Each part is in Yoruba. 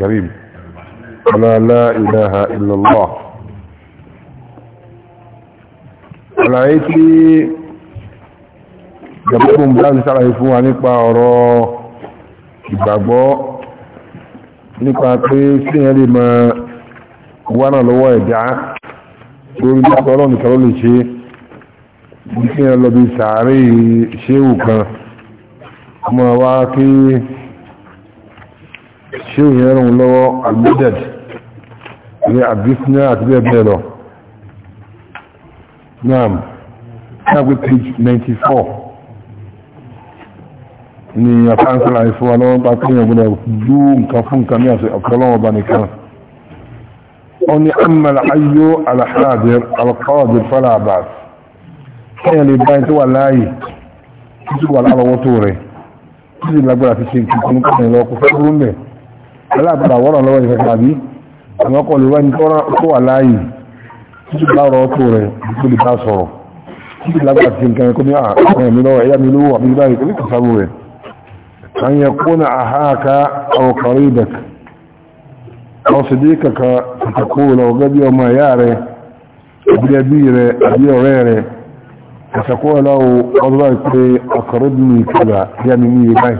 الكريم ولا لا إله إلا الله العيتي جبهم بلان سعيفوا nípa ọ̀rọ̀ ìgbàgbọ́ nípa pé sí ẹ̀ lè máa wánà lọ́wọ́ ẹ̀dá lórí nípa ọlọ́nà kan ló lè ṣe bí sí ẹ̀ lọ bí sàárè ṣéwù kan ọmọ wá kí ṣe yẹn rùn lọ́wọ́ almudad ní àbísínà àti bẹ́ẹ̀ bẹ́ẹ̀ lọ naam ṣàgbé page 94 ni àkáńsílà ìfún wa lọ́wọ́ bá kíyàn gbọ́dọ̀ bú nǹkan fún nǹkan ní àṣẹ ọ̀pọ̀lọ́wọ́ bá nìkan ó ní àmàlà ayó alhadir alqadir fala bas kíyàn lè báyìí tó wà láàyè tó aláàbàdà wọ́nà lọ́wọ́ ìfẹ́ tàbí àwọn ọkọ̀ lèwẹ́ ní tó wà láàyè títí bá rọ tó rẹ̀ tó lè bá sọ̀rọ̀ títí lágbàtí sí nǹkan ẹkọ́ ní àwọn ẹ̀mí lọ́wọ́ ẹ̀yà mi lówó àbí báyìí kò ní kò sábò rẹ̀ an yẹ kó na àháka ọkọ̀rọ̀ ìdẹ̀k àwọn sì dé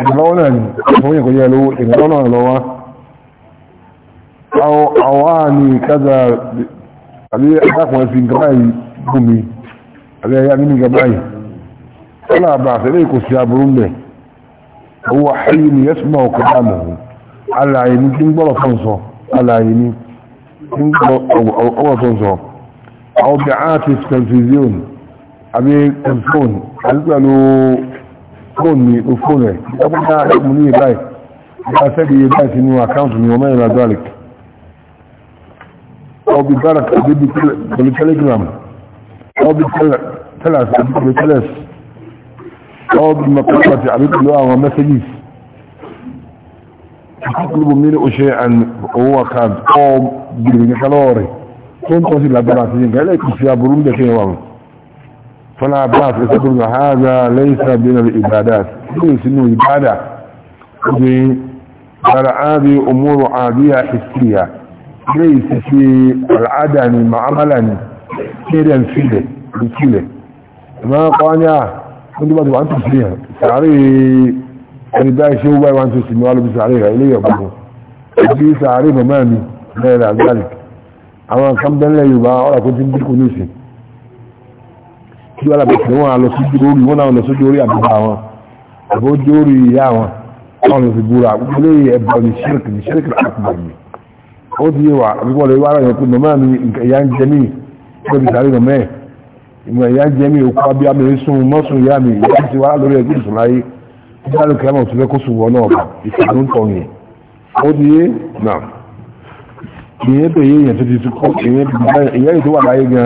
ìrànlọ́wọ́ náà ni fún yẹ̀kọ́ yẹ́ lówó ìrànlọ́wọ́ náà lọ́wọ́ àwọ́ ní kádà àbí adákùnrin sí gaba yìí gùn mi àbí ayá nínú gaba yìí sọ́là àbà àfẹ́lẹ́ kò sí aburú mẹ́ owó ayé ni yẹ́sùn máa kọ́ dáàmù alàyè ní kí ń gbọ́rọ̀ fún sọ alàyè ní kí ń gbọ́rọ̀ fún sọ àwọn bẹ̀rẹ̀ àti fóònù ní fóònù rẹ̀ ẹgbẹ́ta ẹgbùn ní ìbáyì ìgbà sẹ́gbẹ̀ iye báyì sínú àkáǹtì ní ọmọ ìrìn àjọ àlèkì ọbí bára kàbí pẹ̀lú telegram ọbí tẹ́lẹ̀sì àbí pẹ̀lú tẹ́lẹ̀sì ọbí makọ́pàtì àbí pẹ̀lú àwọn mẹ́sẹ́gìs ìkọ́kùlùbù mi ní oṣù owó àkáǹtì ọ gbìyànjú kalọ́ọ̀rẹ̀ tó ń tọ́ sí lágbára àti yìnká ẹlẹ́kùn aburú ń dẹ̀kẹ́ wà mọ́ فلا باس يقول هذا ليس من العبادات ليس انه عبادة بل هذه امور عادية حسية ليس في العدن معاملا كيرا فيه بكيلة ما قانع كنت بدو عن تسليها سعري يعني باي شو باي وان تسليها وقالوا بسعريها اليه يقولوا بي سعري ممامي غير ذلك اما كم دليل بقى ولا كنت بدكم نسي kí wọ́n lábẹ́ kí wọ́n lọ sójú orí wọ́n náà lọ sójú orí àbúrò àwọn àbó jó orí ìyá àwọn wọ́n lọ sí búra gbogbo lè ẹ̀bọ̀ ní ṣírìkì ní ṣírìkì àkùbọ̀ yìí ó ti yé wa àbúkọ̀ lè wá ráyẹ̀ pé màmá mi nǹkan ìyá ń jẹ mí lóbi sáré nà mẹ́ẹ̀ ìmọ̀ ìyá ń jẹ mí òkú abí amí sùn mọ́sùn ìyá mi ìyá ti wá lórí ẹgbẹ́ ìsùn láyé nígbà lókè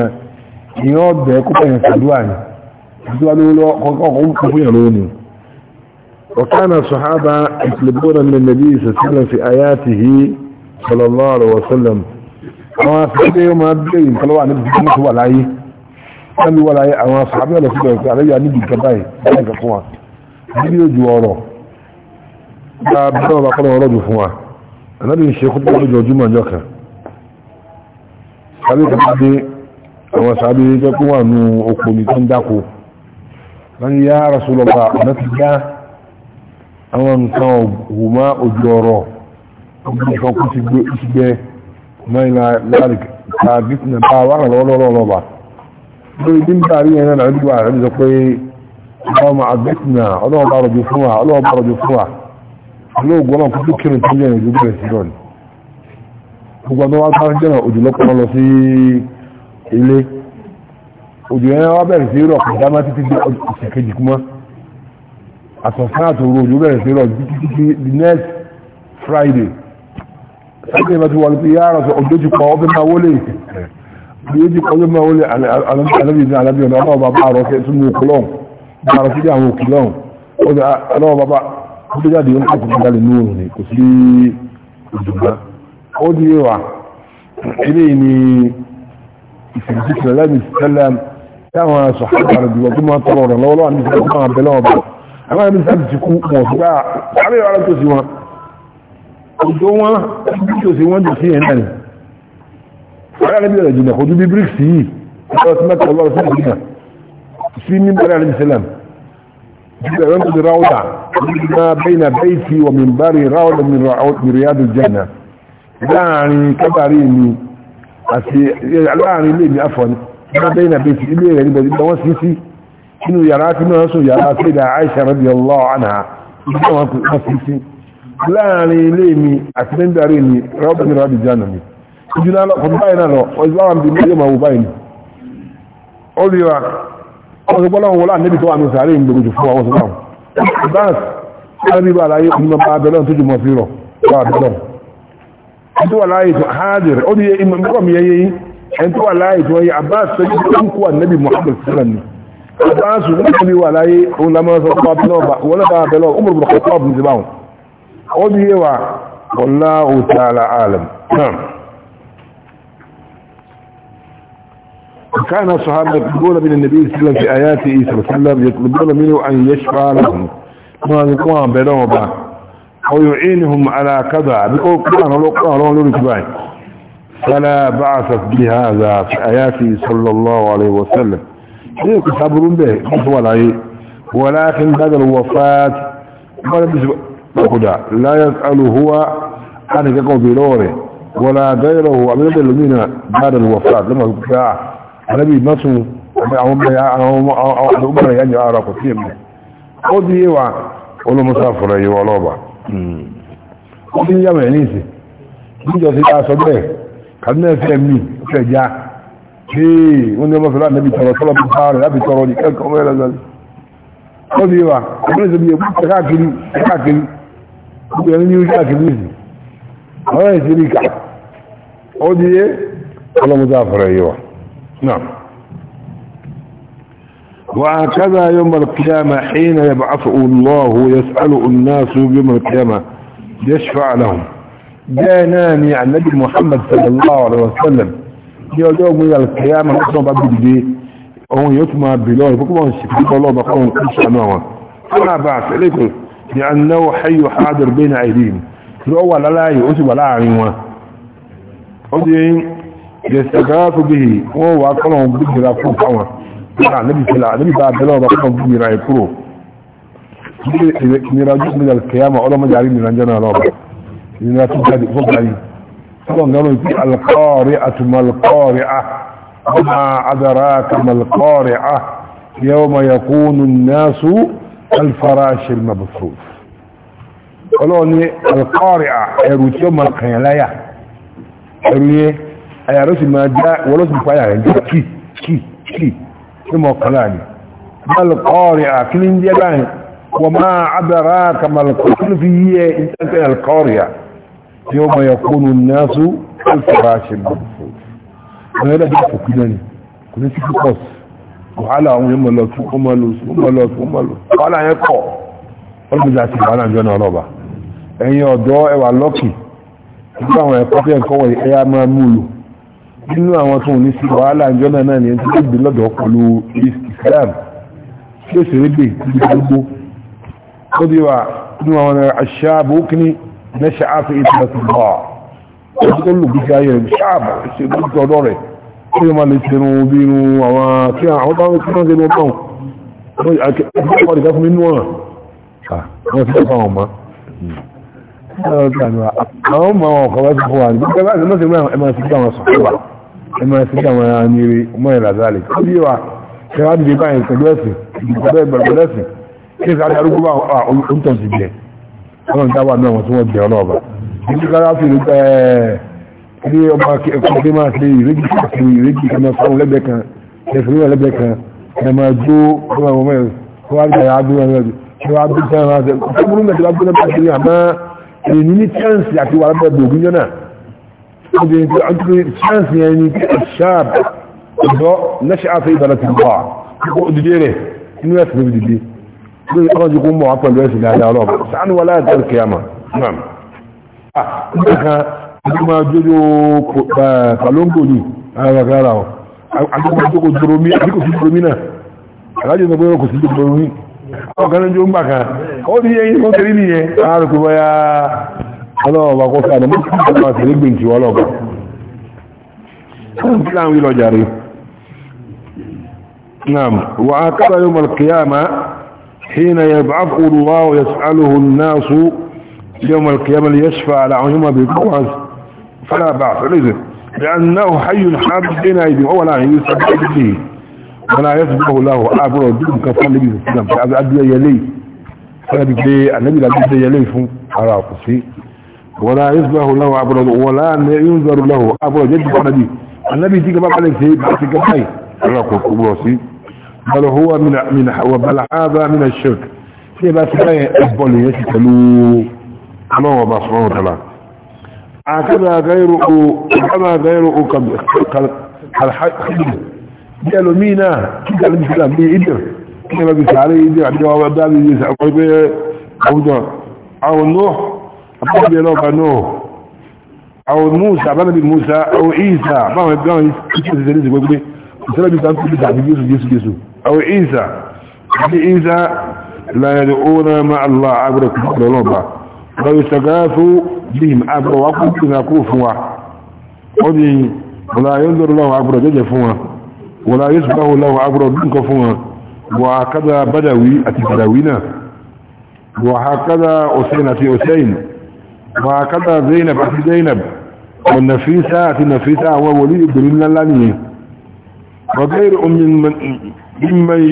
àmọ̀ èèyàn ọ̀bẹ̀ kópa yẹn sàdúrà ni àdúrà ló lọ ọkọ̀ ń وكان الصحابة يطلبون النبي صلى الله عليه وسلم في آياته صلى الله عليه وسلم àwọn asàbẹ̀ yóò máa bẹ̀rẹ̀ ìtọ́lọ́wà níbi tí wọ́n wà láyé wọ́n wà láyé àwọn asàbẹ̀ ọ̀lọ́ síbẹ̀ ọ̀pẹ̀ àlẹ́yà níbi ìjọba yìí láìka fún wa níbi ojú ọ̀rọ̀ bá bẹ́ẹ̀ wà kọ́nà ọ̀rọ̀ jù fún wa ànábì ń ṣe kúndé lójoojúmọ́ ọjọ́ kan sábẹ́ kan àwọn sàbí jẹ́ kó wà ní oko ní tó ń dákò wọ́n yá Rasulullah ọ̀nà àwọn nǹkan ògùnmá ojú ọ̀rọ̀ ọgbọ̀n ti gbé mẹ́lá lárik tàbí nà bá wà lọ́lọ́lọ́lọ́ba ilé òjò yẹn wá bẹ̀rẹ̀ sí rọ̀ kò dá máa títí di ọ̀sẹ̀ kejì kúmọ́ àtọ̀sán àtòrò òjò bẹ̀rẹ̀ sí rọ̀ títí di the next Friday sáyẹn bá ti wà lópin yára sọ òjò ti pọ̀ ọbẹ̀ máa wọlé òjò ti pọ̀ ọbẹ̀ máa wọlé alábìyàn alábìyàn náà ọlọ́wọ́ bàbá àrọ̀ fẹ́ súnmọ́ òkú lọ́hùn bá àrọ̀ síbi àwọn òkú lọ́hùn ọlọ́wọ́ bàbá ó tó jáde yóò kọ̀ọ̀kan dálẹ̀ ní òun ni kò sí òjò náà ó di ẹwà eléyìí ni الصديق صلى الله عليه وسلم كما صحابه رضي الله عنهم طلعوا لو لو ان كان بلاوا اما من سبب تكون موضوع قال يا رب تسمع ودوما تسمع دي في هنا قال النبي صلى الله عليه بريكسي قال سمعت الله رسول الله في من بر عليه السلام جبران بن راودة ما بين بيتي ومنبري راودة من رياض الجنة يعني كباريني àti láàrin ilé mi afọ́ni wọ́n bẹ́yìn àbí ilé rẹ̀ níbọ̀ nígbà isi sí sí inú yàrá tí náà sùn yàrá tí ìdá Aisha radiyallahu anha ẹni tó wà láàyè tó hadir ó ní ìmọ̀ mi yẹyẹ yìí ẹni tó wà láàyè tó yẹ abbas tó yẹ kó ń kó ànábì muhammad sallam ni abbas ó ní ìwà láàyè òun lamọ́ sọ fún abúlé ọba wọn náà bá abẹ lọ umar bin khattab ní ó ní yẹ wa wallahu ta'ala كان الصحابة يقولون من النبي صلى الله عليه وسلم في آياته صلى وسلم يطلبون منه أن يشفع لهم ما يقوم بينهم ويعينهم على كذا فلا بعثت بهذا في آياته صلى الله عليه وسلم يكسبرون به ولا ولكن بعد الوفاة لا يسأل هو عن يقوم بلوره ولا غيره من منا بعد الوفاة لما يقول النبي نفسه عمر يعني أعرف فيه قد يوعى ولو مسافر أيها الله wọ́n ti ń yàwó ẹ̀ ní ìsìn níjọ sí ta sọ bẹ́ẹ̀ kàdúnà ẹ̀fẹ́ mi fẹ́ já ee wọ́n ní ọmọ fẹ́ láti nẹ́bi tọrọ tọrọ bí bá rẹ̀ láti tọrọ ní kẹ́kọ̀ọ́ ọmọ ẹ̀rọ lọ́dún ó di yé ọlọ́mọdé àfọ̀rọ̀ yìí náà. وهكذا يوم القيامة حين يبعث الله يسأل الناس يوم القيامة يشفع لهم جانان يعني نبي محمد صلى الله عليه وسلم يوم القيامة نحن بابد بدي هو يتمى بلوه بكم الشكل الله بقوم كل شنوة فما بعث إليكم لأنه حي حاضر بين أيديهم الأول لا يؤسب ولا عنوة يستغاث به وهو أقلهم بالجرافون قوة النبي صلى الله عليه وسلم بعد لو بقوم بمراي كرو مراج من القيامة ولا ما جاري من عندنا لا لنا تجد فوق علي طبعا قالوا في القارعة ما القارعة وما أدراك ما القارعة يوم يكون الناس الفراش المبثوث قالوا لي القارعة يروت يوم القيامة يروت أي رسم ما جاء ولسم فايا كي كي كي ìmọ̀ kanáà ni malkọ́rì àkíní ń jẹ́ báyìí wọ́n máa adára ka malkọ́rì kí ló fi yí ẹ ìtẹ́kẹ́ alkọ́rì à tí ó mọ̀ yakunu nasu alfarashin mabufu wọ́n mọ̀ lọ tún ó nínú àwọn tó ní sí wàhálà ìjọ náà náà ni ẹni tó gbé lọ́dọ̀ pẹ̀lú Islam tí ó sì rí gbé ní gbogbo ó di wà nínú àwọn aṣáàbò kíní mẹ́ṣà áfẹ́ ìtìlẹ̀tì bọ̀ ó tó lù gbígbé ayé rẹ̀ ṣáàbò ṣe lójú ọ̀dọ́ rẹ̀ ó yẹ máa lè ṣe irun bí irun àwọn tí àwọn táwọn tí wọ́n ṣe lọ bọ̀ wọ́n ti kọ́ ọ̀dìkà fún mi nú ọ̀ràn wọ́n ti àwọn ọmọ àwọn ọkọ̀ wájú fún wa ní gbogbo ẹgbẹ́ ìmọ̀sí ẹ máa sí àwọn sọ̀rọ̀ wa ẹ máa sí àwọn anire mọ́ ìlàzálì ó bí wa ṣe wá dìde báyìí pẹ̀lú ẹ̀sìn ìgbàgbọ́ ìgbàgbọ́ lẹ́sìn kí ẹ̀sìn àti arúgbó wa òǹtọ̀ ti jẹ ọlọ́run tá wà ní àwọn tí wọ́n jẹ ọlọ́ọ̀bà ìdí kára fi rí pẹ́ ilé ọmọ ẹ̀kọ́ pé máa ṣe ìrẹ́jì kàkiri ìrẹ́jì ẹ̀mọ fún lẹ́gbẹ̀ẹ́ kan ẹ̀sìn níwọ̀n lẹ́gbẹ̀ẹ́ kan ẹ̀mọ jó ọmọ ẹ̀mọ ẹ̀kọ́ wá gbà yà á dúró ẹ̀mọ ẹ̀kọ́ wá gbé èyí ní chance àti wà lábẹ́ gbòògùn yọ́nà obìnrin tí wọ́n tún chance yẹn ni ṣáàb ọ̀dọ́ lẹ́ṣẹ̀ àfẹ́ ìbára ti wà kó dìde rẹ̀ inú ẹ̀sìn níbi dìde lórí ọlọ́run jù kó mọ̀ wá pẹ̀lú ẹ̀sìn dáadáa ọlọ́run sàánú wa láti ẹ̀rù kìyàmà náà ah, nígbà kan àti ọkàn lójú ń gbà kan ó ti yẹ yín kó kiri nìyẹn láàrín bọ́yá ọlọ́ọ̀bà kó fẹ́ àdàmọ́ kí wọ́n máa tẹ̀lé gbìyànjú ọlọ́ọ̀bà kí láwọn ilọ̀ jàre نعم وعاقب يوم القيامة حين يبعث الله يسأله الناس يوم القيامة ليشفع لعنهم بالقواس فلا بعث لذلك لأنه حي حاب بنا يدعو ولا يسبب به wọn ayé tó dúró láwọ àbúrò dúró nǹkan fún anábì sílẹ̀ pé adúlẹ̀ yẹlé anábì pé anábì lábẹ́ yẹlé fún ara kò sí wọn ayé tó dúró láwọ àbúrò wọn láàánú yóò dúró láwọ àbúrò jẹ́ dúró anábì anábì tí kaba balẹ̀ ṣe bá ti kaba yìí ara kò kò bọ̀ sí bala huwa mina mina wa bala hada mina shirk tí bí ẹlòmíì náà kí ẹlòmíì ti sílà bí ìdìr kí ẹlòmíì ti sàárè ìdìr àti ọwọ́ bá bí ìdìr àwọn ẹgbẹ́ àwùjọ àwọn nù àbúrò ẹlọ́ba nù àwọn musa àbábẹ́bí musa àwọn isa báwọn ẹgbẹ́ àwọn ìṣẹ́ ìṣẹ́ ìṣẹ́ gbogbo ìṣẹ́ ìṣẹ́ ìṣẹ́ ìṣẹ́ àti jésù jésù jésù àwọn isa àti isa láyẹ̀dẹ̀ òun ma allah agbẹ̀rẹ̀ kúrò lọ́ba lọ́yẹ̀ sàgáfó bíhìm agbẹ̀rẹ̀ wákùnkùn àkó fún wa ó ní ọ̀là yóò lọ́rọ̀ lọ́wọ́ agbẹ̀rẹ̀ jẹ́jẹ́ fún wa ولا يشبه له عبر منك فما وهكذا بدوي أتي بدوينا وهكذا أسين أتي أسين وهكذا زينب أتي زينب والنفيسة أتي النفيسة هو ولي ابن الله وغير من من ممن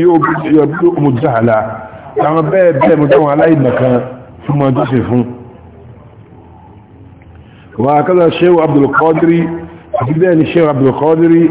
يبدو مجهلا كما بيه مجهلا إنك ثم تصفه وهكذا الشيخ عبد القادري أتي الشيخ عبد القادري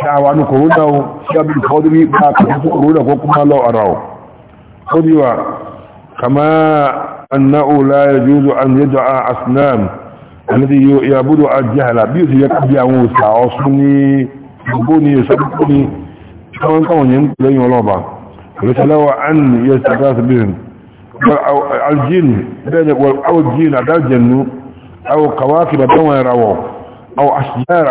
sha'awanu korona o shabin kodiri ba ka kasu korona ko kuma lau a rawo kodewa kama annau la ya juzu an yaja a asnam alladhi yabudu al-jahala bi su yakbi àwọn sa o suni boni so boni kan kan yin جنو او كواكب بما يروا او اشجار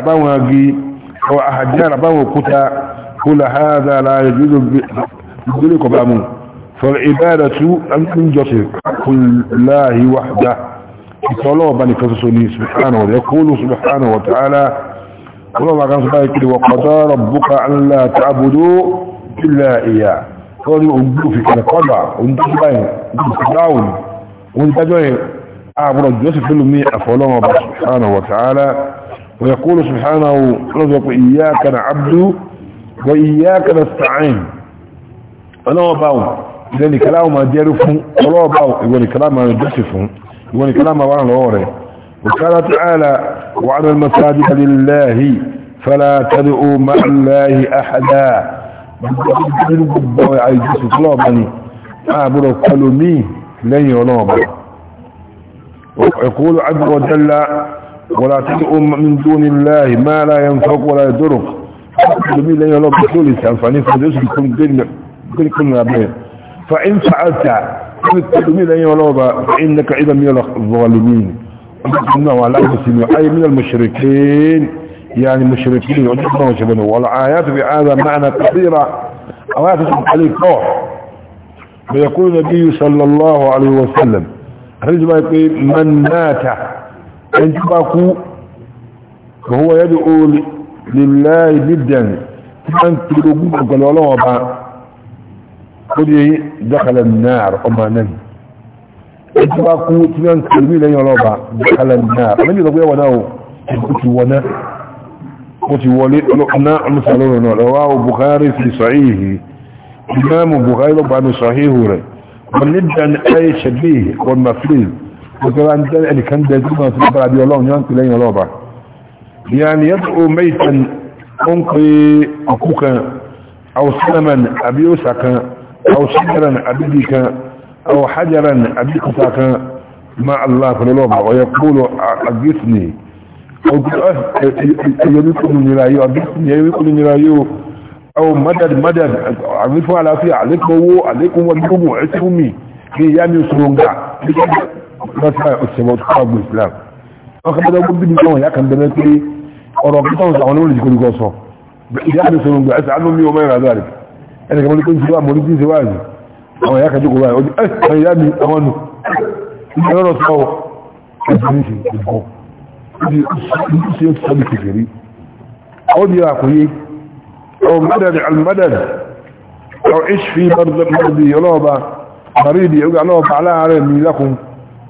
أو أحجار كتا كل هذا لا يجوز بذلك بأمو فالعبادة أن جسر كل الله وحده طلبا كسسوني سبحانه وتعالى يقول سبحانه وتعالى قل الله كان سبحانه وتعالى وقضى ربك أن لا تعبدوا إلا إياه قال يقول في كان قضى وانتبين داون وانتبين أعبر الجسر في المئة فالله سبحانه وتعالى ويقول سبحانه رزق إياك نعبد وإياك نستعين أنا أباو إذن كلام ما جرفهم ولا أباو إذن كلام ما جسفهم إذن كلام ما وانا لوري وقال تعالى وعلى المساجد لله فلا تدعوا مع الله أحدا يقول عبد الله ولا تدعوا من دون الله ما لا ينفق ولا يضرك بكل فإن فعلت فإنك إذا من الظالمين أي من المشركين يعني مشركين وجدنا وشبنه والآيات في هذا معنى كثيرة آيات عليك روح فيقول النبي صلى الله عليه وسلم رجل ما يقول من مات ẹni tí bá kú kòwò yẹ́dù oòlì lílá ìbídẹ̀n tí wọ́n ti gbogbo pẹ̀lú ọlọ́wọ́ bá ó di dákàlẹ̀ náà ọmọ náà ẹni tí bá kú tí wọ́n ti gbogbo lẹ́yìn ọlọ́ba dákàlẹ̀ náà ọmọ ní ìlọ́gbé wọ̀ná o ó ti wọ̀ná ó ti wọlé ọlọ́kùnà ọmọsàlọ́rọ̀ náà lọ́wọ́ وكما أن تدعي كان دائما سنبرا بي الله ونيان كلين الله بعد يعني يدعو ميتا أنقي أكوك أو سلما أبي أسعك أو شجرا أبيك أو حجرا أبيك ساك مع الله في الله ويقول أجسني أو يبيكم نرايو أجسني يبيكم نرايو أو مدد مدد عملتوا على فيه عليكم عليكم وبيكم وعسكم مي كي يعني يسرون دع mọ́tà òṣèlú ọdún kọ́ ọgbọ̀n islam wọ́n kọ́ bọ́dọ̀ gbọ́dọ̀ nínú ọ̀yà kan bẹ̀rẹ̀ pé ọ̀rọ̀ kan tọ́wọ́ àwọn olùdíje kò ní kọ́ sọ ìyá àti sọ̀rọ̀ gbà ẹ̀sẹ̀ àánú mi ò mẹ́rin àdáàrí ẹnì kan mọ́lẹ́kọ́ ìṣẹ́wà mọ́lẹ́ tí ń ṣèwà àzì àwọn ìyá kan jókòó báyìí ẹ̀sẹ̀ ìyá mi àwọn nù ìyá lọ́rọ̀ sọ ẹ̀sẹ̀ ní ṣe ìbọ̀ ṣe ń lákùn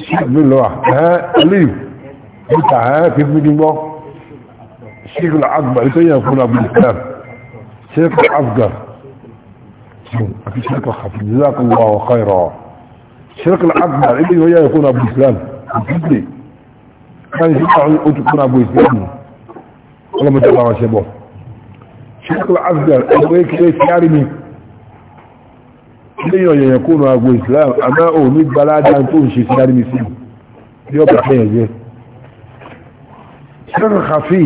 الشيخ من الواح ها يكون ابن الكلام الشيخ العفقر اكي الشيخ يكون ابن الكلام جزي كان يشبه انت تكون ابو الكلام ولا ما تبعه شبه الشيخ léyìn ọ̀yẹ̀yẹ̀ kó nù agbo islam àmá òun ní gbaládá tó ń ṣe sí dáríbi sí bí ọ̀pọ̀ fẹ́ ẹ̀jẹ́ ṣẹ́rọ̀ kàfí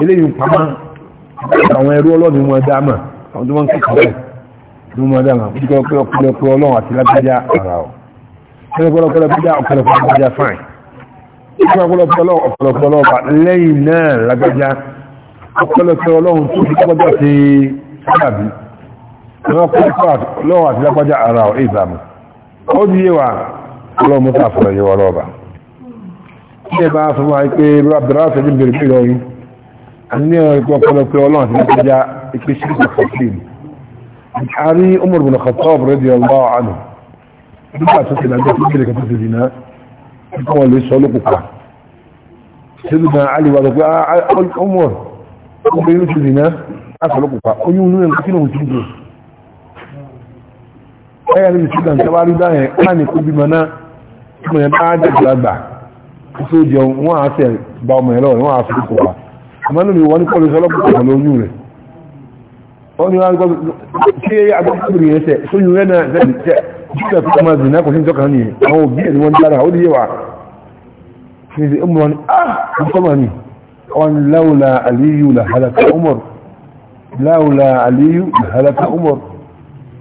eléyìn pamá àwọn ẹrú ọlọ́run wọn dáàmà àwọn tó wọ́n kẹ́kọ̀ọ́ rẹ̀ ní wọn dáàmà púpọ̀ pé ọkùnrin ọkùnrin ọlọ́run àti lágbájá ara ọ̀ pẹ́lẹ́pẹ́lẹ́pẹ́lẹ́ ọkùnrin lágbájá fáìn pẹ́lẹ́pẹ́lẹ́pẹ́lẹ́ ọkùnrin ọlọ́run wọ́n kọ́ ikọ́ lọ́wọ́ àti lápájá ara ọ̀ ìsàmù ó di yíwa ọlọ́mú tààfàrà yíwa lọ́ọ̀bà tí ẹ bá fún wa pé rábìráṣẹ́ ní bèrè pé lọ́yìn àní ikọ́ ọpọlọ pé ọlọ́run àti lápájá ipé ṣíkà fọ́sílìm àrí Umar bin Khattab radiyallahu anhu nígbà tó ti lájọ́ fún kìlẹ̀kẹ́ tó ti dìná ikọ́ wọn lè sọ lókùpa sílùmọ̀ pé ah, ah, Umar ẹ̀yà lè ṣe dàn tẹ́wàá rí báyẹn láàní kó bímọ náà tí mo yẹn bá dẹ̀gbà gbà tó jẹun wọ́n á sẹ̀ bá ọmọ ẹ̀ lọ́wọ́ wọ́n á fi kò wá àmọ́ lórí wọn ní kọ́lù sọlọ́pù pẹ̀lú oyún rẹ̀ wọ́n ní wọ́n ṣe agbábọ́bìnrin yẹn sẹ̀ sóyún rẹ̀ náà sẹ̀ tẹ̀ jíjẹ́ tó máa dì náà ni wọ́n dára ó ṣe ọmọ ni ah ọmọ ni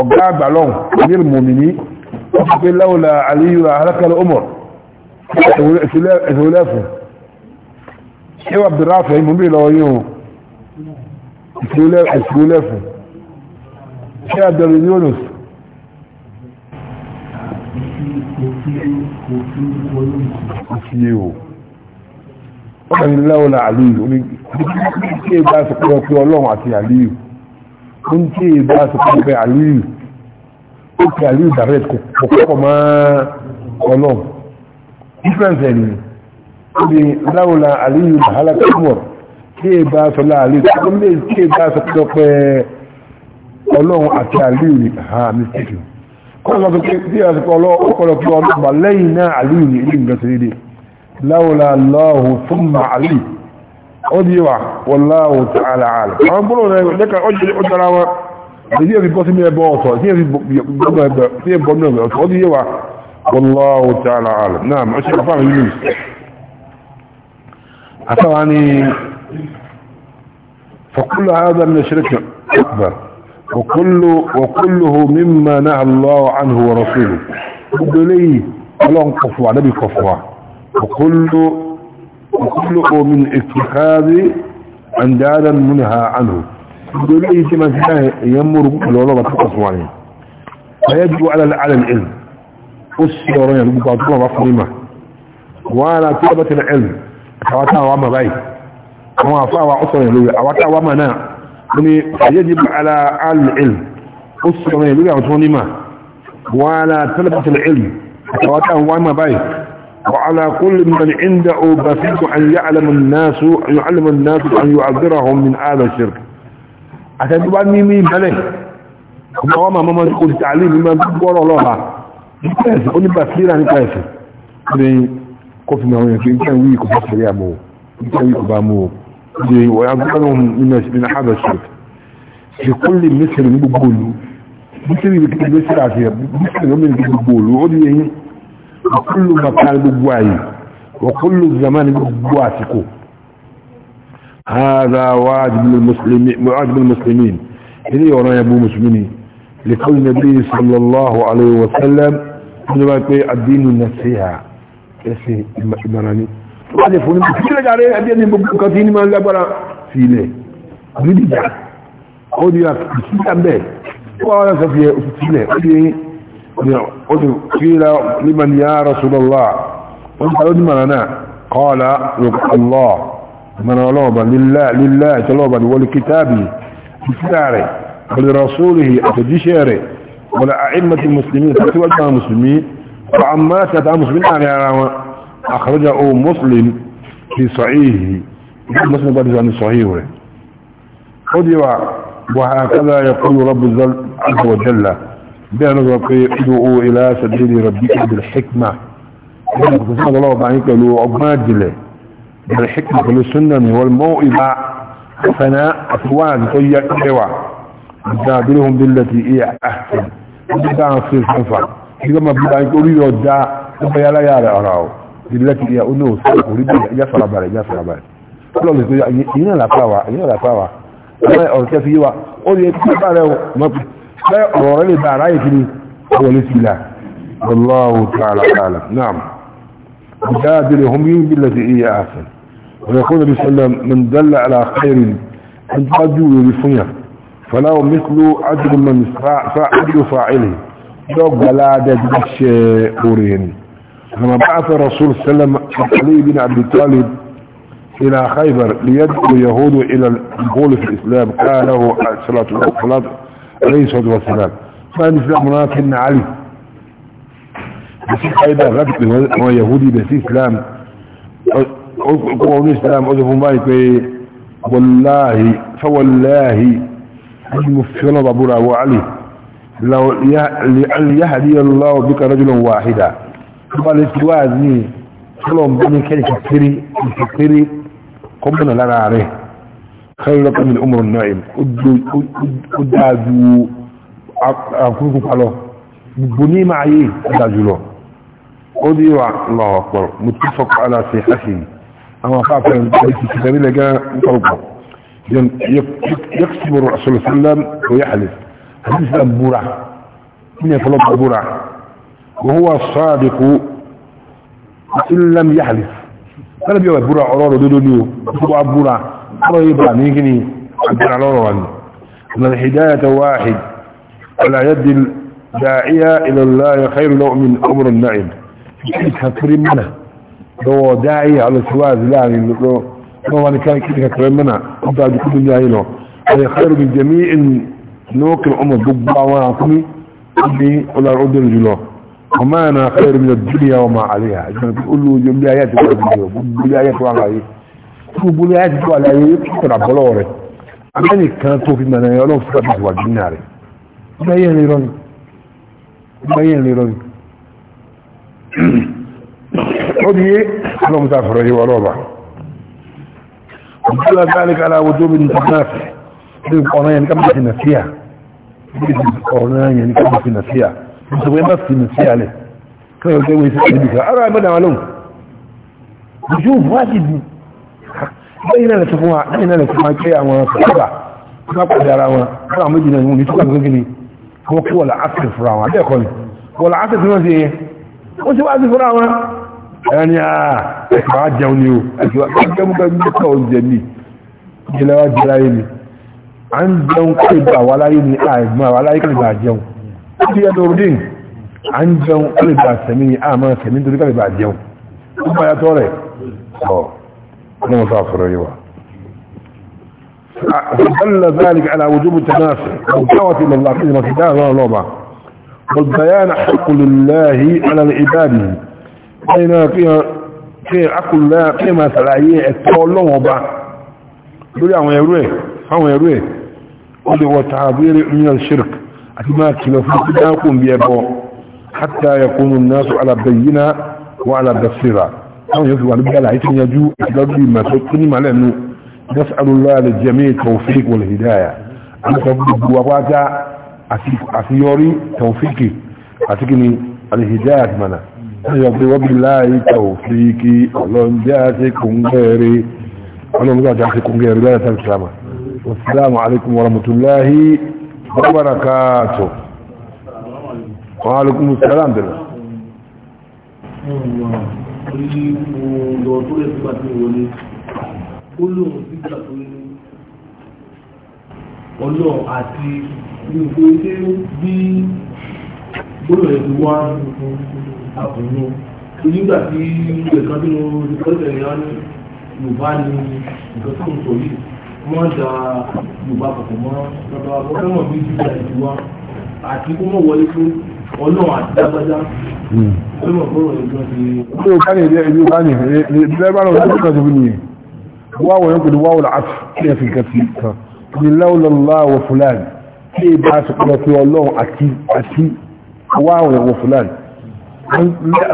ọ̀gá àgbà lọ́hùn amir mòmìnì ó sọ pé láwùlà aliyu alákàlẹ̀ umar ìṣòlẹ̀ ẹ̀fún ṣé wà bìrà fẹ́ mú bí lọ́wọ́ yóò ó ní kí ẹ bá sọ pé ọlọ́run àti aliyu ó ń tí èdè àsìkò pé àlúyù ó pè àlúyù direct kò kọ́kọ́ mọ́ ọlọ́run difference ẹ̀ nìyí ó di láwùlà àlúyù wàhálà kọ́mọ̀ tí èdè àsọlá àlúyù tó ń lè tí èdè àsọpọ̀ pé ọlọ́run àti àlúyù ni ha mistake kọ́nà sọ pé tí àsìkò ọdíyẹwà wọláwò tí ààlà ààlà àwọn gbọ́nà rẹ̀ lẹ́kà ọjọ́ra wọn èyí èfi bọ́ sínú ẹbọ ọ̀tọ̀ sí èfi gbọ́nà ẹgbẹ̀ ọ̀tọ̀ ọdíyẹwà wọláwò tí ààlà ààlà náà mọ́sí àfáà yìí àfáà ni فكل هذا من الشرك أكبر وكل وكله مما نهى الله عنه ورسوله قل لي الله كفوا نبي كفوا وكله وخلقوا من اتخاذ اندادا منها عنه يقول لي كما كان يمر بالولوبة القصوانية فيجب على على العلم والسيورين يقول الله مفهمة وانا طلبة العلم حواتها واما باي وما فاوى عصرين لي حواتها واما نا يجب على العلم والسيورين يقول الله مفهمة وانا طلبة العلم حواتها واما باي وعلى كل من عنده بسيط أن يعلم الناس يعلم الناس أن يعذرهم من هذا الشرك عشان تبقى ميمين ما هو ما ما تقول التعليم ما تقول الله كيف قولي بسيرة عن كيف قولي كيف ما هو يمكن كان ويك بسير يا مو كان ويك بامو قولي ويعذرهم من من هذا الشرك لكل مثل يقول مثل يكتب مثل عشان مثل يقول يقول وكل مكان بقواي وكل زمان بقواتكو هذا واجب المسلمين واجب المسلمين إذا يرى أبو مسلمين لقول النبي صلى الله عليه وسلم عندما يقول الدين النسيها إيش إمراني wọ́n lè fún ní kílẹ̀ jàre ẹbí ẹni gbogbo nǹkan tí ní máa ń lágbára sí ilẹ̀ àbídìjà ó di àkìsí àbẹ̀ tó wà wọ́n sọ fi ẹ̀ òsì sílẹ̀ ó di قيل لمن يا رسول الله قلت من أنا قال الله من الله لله لله تلوبا ولكتابه بسعره ولرسوله أتجشره ولأئمة المسلمين تتوجه المسلمين وعما تتعى المسلمين يعني أخرجه مسلم في صحيحه مسلم قد عن صحيحه خذوا وهكذا يقول رب عز وجل بأن ادعوا إلى سبيل ربك بالحكمة قسمة الله بعينك له أبناد له بالحكمة للسنة والموئبة فناء أفوان طيئة حوى جادلهم بالتي هي أحسن وبدعا في الحنفة كما بدعا أريد الدعا ثم يلا يلا أراه بالتي هي أنه أريد يسر بالي يسر بالي كل يقول إنا لا فاوى إنا لا فاوى أنا أرتفي وأريد أن ورني بعرايه لي هو الاسلام والله تعالى عالم نعم جادلهم بالذي هي احسن ويقول صلى الله عليه وسلم من دل على خير انتقدوا لفنيا فلو مثل عدل من فاعل فاعله لو قال هذا أورين لما بعث الرسول صلى الله عليه وسلم علي بن عبد الطالب الى خيبر ليدعو اليهود الى القول في الاسلام قاله صلاة الله عليه الصلاة والسلام ما نسلع مناطق ان علي بسيط ايضا غد هو يهودي بسيط اسلام قومي اسلام اذفوا مايك والله فوالله المفشل ضبورا علي لو يهدي الله بك رجلا واحدا قال اتواز ني قلهم بني كان كثيري كثيري قمنا لنا عليه خير لك من عمر النائم ادعجو اكونكم قالوا بني معي ادعجو له وديوا الله اكبر متفق على صحته اما خاف ان تكتب لك مطلقه يقسم الرسول صلى الله عليه وسلم ويحلف حديث برع من يطلب برع وهو الصادق ان لم يحلف فلم يبقى برع عرار ودودوني نيو برع قريبا نيجي عبدنا على روان أن الحداية واحد على يد الداعية إلى الله خير له من أمر النعم كثير منه لو داعية على السواز لا لو لو كان كثير منه أبدا كل داعي له هي خير من جميع نوك الأمر ببعا وعطمي أبي ولا رؤد رجله وما أنا خير من الدنيا وما عليها يعني تقول له جملة آيات وعلى عليه tó gbóló ayé ti tó àlàyé kọ̀dà bọ́lọ̀ rẹ̀ amẹ́nì kan tó fi mẹ́rin ẹ̀yọ́ lọ́wọ́ fúra bíi wàjú náà rẹ̀ gbẹ́yẹ̀ ń rírọ́ ni gbẹ́yẹ̀ ń rírọ́ ni ó di yé alọ́mùsá fọ̀rọ̀ yìí wọ́n lọ́ba ọ̀dọ́ àgbáyé kala wo tóbi ní tàbí ní ọ̀nà yẹn ní kábíyà ti nà síyà ọ̀nà yẹn ní ti nà síyà nítorí bá fi nà síyà lẹ̀ kí wọ́n yóò gbé wọ́n sí ẹ̀dínbí kan bẹ́yìn náà lẹ́sọ fún wa bẹ́yìn náà lẹ́sọ fún wa pé àwọn sọ́kọ́bà tó bá pàdé ara wọn fún àwọn méjì náà ní tó kàgbé gíní wọ́n kí wọ́n láàásì fúnra wọn abẹ́ẹ̀kọ́ ni wọ́n láàásì fúnra sí yẹn ó sì wáásì fúnra wọn ẹni àà jẹun ni o àti wà jẹun bẹ́ẹ̀ ní kọ́ oúnjẹ ni ìjìnlẹ̀ wa jẹ láyé ni à ń jẹun kó ìgbà wa láyé ni àìmọ́ àwa láyé kó ìgbà jẹun ó ti yẹ lórí à ń jẹun kó ìgbà sẹ̀mí ni àmọ́ sẹ̀mí nítorí kó ìgbà jẹun ó bá yàtọ̀ rẹ̀ ọ̀ مسافر أيوة فدل ذلك على وجوب التناسل والدعوة إلى الله كلمة لا لوما والبيان حق لله على العباد بين فيها في عقل لا قيمة سلعيه التولون وبا دول يا ويروي ها ويروي قل هو تعبير من الشرك أتما كلفوا كداكم بيبو حتى يكون الناس على بينا وعلى بصيره àwọn yóò fi wà ní gbàlá àyíkí yanjú ìtìlọ́dún ìmọ̀ tó kí ní màlẹ́ nu nẹ́sàlúlá lè jẹ́mí tọ̀fíìkì wọlé hìdáyà àmọ́sọ gbogbo apáta àṣeyọrí tọ̀fíìkì àti kí ni alìhìdáyà ti mọ̀nà wọ́n yọ pé wọ́n bí láàyè tọ̀fíìkì ọlọ́njẹ́ àti kòǹgẹ́rẹ́ ọlọ́njẹ́ àti kòǹgẹ́rẹ́ láyé tàbí sàmà wasalaamu alaykum wa rahmatulahi wa barakaato wa alaykum salaam billah orí ọ̀dọ̀ tó lè fún àti wọlé ó lóun sígbà tó ní ọlọ́ àti gbogbo ilé bí gbọ́dọ̀ rẹ̀ ti wá àbùnú nígbà tí ẹ̀kan tí mo rìkọ́tẹ̀ ìyá ní yorùbá ni nǹkan tó ń sọ yìí wọ́n da yorùbá kọ̀ọ̀kan mọ́ lọ́dọ̀ àbọ̀kẹ́mọ̀ bí jùlọ ìdíwá àti kó mọ̀ wọlé fún ọlọ́run àti dábọ́já Ko kane da ibi kane da ba na wani kaji bin ne wawo yanku da wawo al'af ne fi kafi ka ni laula Allah wa fulan ke ba su kuma fi Allah ati ati wawo wa fulan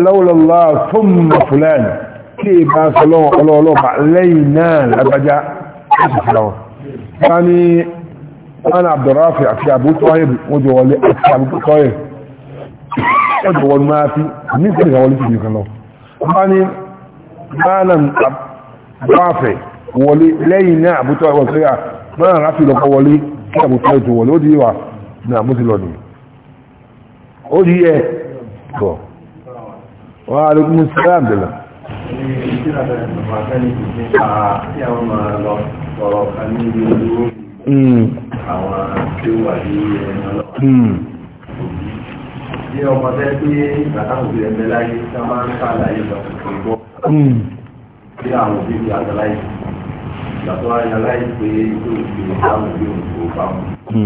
laula Allah thumma fulan ke ba su lawa Allah ba laina labaja su filawa kani ana Abdurrafi a fi Abu Tahir wajen wale ọjọ́ wọn máa fi ní ìpínlẹ̀ àwọn olùsìn nìkan lọ wọ́n ní malam abdulwafẹ́ wọlé lẹ́yìn náà àbútọ́ ẹ̀wọ̀n pé ah, à máa ráfi lọ́kọ́ wọlé kí àbútọ́ ètò wọlé ó di wà ní àbútí lọ nìyí ó di ẹ̀ tọ̀ wọ́n á àwọn tí ó wà ní ẹ̀nà lọ ní ọmọ tẹ́ pé ti ẹgbẹ́ láyé tí wọ́n máa ń ká àlàyé lọ ìgbọ́ hmm. bí àwọn òbí ti àtàláyé ìgbàtọ́ àyàláyé pé tó ti àwọn òbí òun kò bá wọn.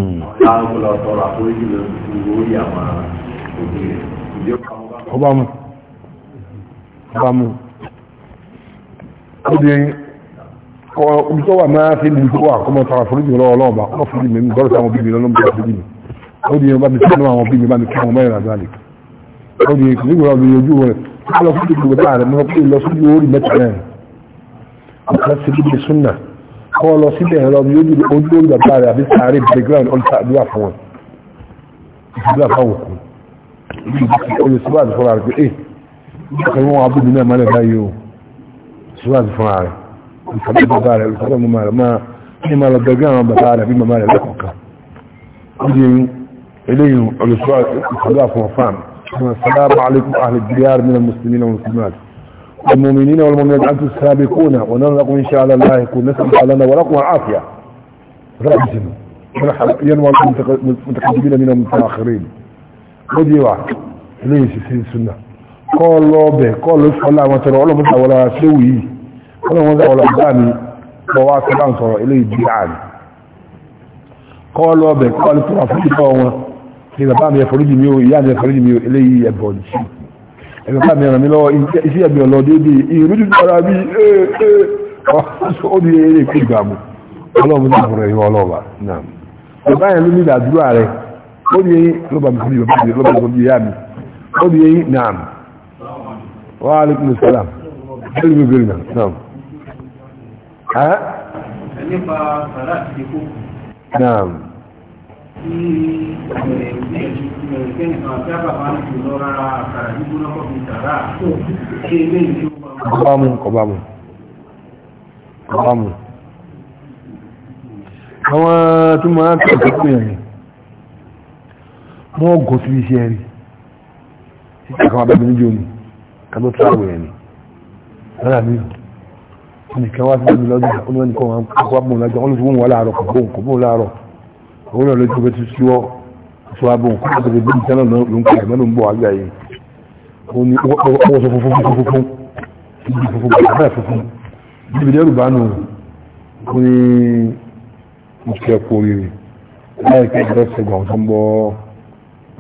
láàrín hmm. kó lọ tọrọ àforíjì lọ sí orí àwọn òbí rẹ̀ ìdí ọba mu ọba mu obìnrin kọ́ ibi tó fi lè tó wà kọ́mọ lọ́wọ́ ọlọ́ọ̀bà kọ́ fún mi gbọ́dọ̀ sáwọn òbí mi lọ́nà ó di bá mi sínú àwọn òbí mi bá mi fún ọmọ ìrìn àjò àlè ó di nígbà mi ojú rẹ̀ ó lọ fún ìgbìmọ̀ bá rẹ̀ mọ́ pé lọ sí orí mẹ́ta mẹ́rin ọ̀pọ̀ sí ibi súnà kọ́ lọ síbẹ̀ ẹ̀rọ mi ojú ojú orí bàbá rẹ̀ àbí sáré playground ọ̀lùsà àdúrà fún wọn ìdúrà fún àwọn òkú olùsíwà àti fúnra rẹ̀ pé ẹ̀ ìjọba ìwọ̀n abúlé náà mọ́lẹ̀ báyìí o ìsíwà àti ó di إليهم الأسواق الخلاف وفان السلام عليكم أهل الديار من المسلمين والمسلمات والمؤمنين والمؤمنات أنتم السابقون ونرق إن شاء الله يكون نسأل لنا ورقوا العافية رأسنا ينوى المتقدمين من المتاخرين ودي واحد ليس سيد السنة قول الله به قول الله سبحان الله وترى علم الله ولا سوي ولا وضع ولا أدامي وواصل أنصر إليه الدعاني قول الله به قول الله فيه ní bàbá mi ẹ̀fọ́rí mi o ìyá mi ẹ̀fọ́rí mi o eléyìí ẹ̀bọ̀ ní sí ẹ̀ bàbá mi ràn mí lọ́wọ́ iṣẹ́ ẹ̀mí ọ̀lọ́ déédé ìrújú ara mi ó ní eré ìpín ìgbà mu ọlọ́run náà fọ̀rọ̀ ẹ̀yìn ọlọ́ọ̀bà náà bàbá yẹn ló ní ìdádúrà rẹ̀ ó ní eyín lọ́ba mi fọ́rí bàbá mi lọ́ba mi fọ́rí ìyá mi ó ní eyín náà wà á lékún sálàm bẹ́ẹ̀ ni bẹ́ẹ̀ náà náà tí Ọbámu ọbámu ọbámu àwọn tó máa kẹ́kẹ́ pé ẹ̀rẹ̀ wọ́n gọ̀ sí iṣẹ́ rí ìkàkọ́ abẹ́bẹ̀ níjò ní kàbọ̀ tíráwò ẹ̀ ni lára ní ọmọ ìkẹwàá sí ìlú lọ́dún olóòrùn kọ́ wọn kọ́ òun náà lójú bẹ́tí sí ọ́ fún abọ́ nǹkan àti gbogbo ìtẹ́ náà ló ń kọ́ ẹ̀mọ́ ń bọ̀ àgbà yìí ó ní ọwọ́ sọ funfun funfun funfun ibi funfun bàbá ẹ̀ funfun níbi dẹ́rù bá nù ó ní ìṣẹ́ kú oríire láì kí ẹgbẹ́ ṣe gbọ̀n tó ń bọ́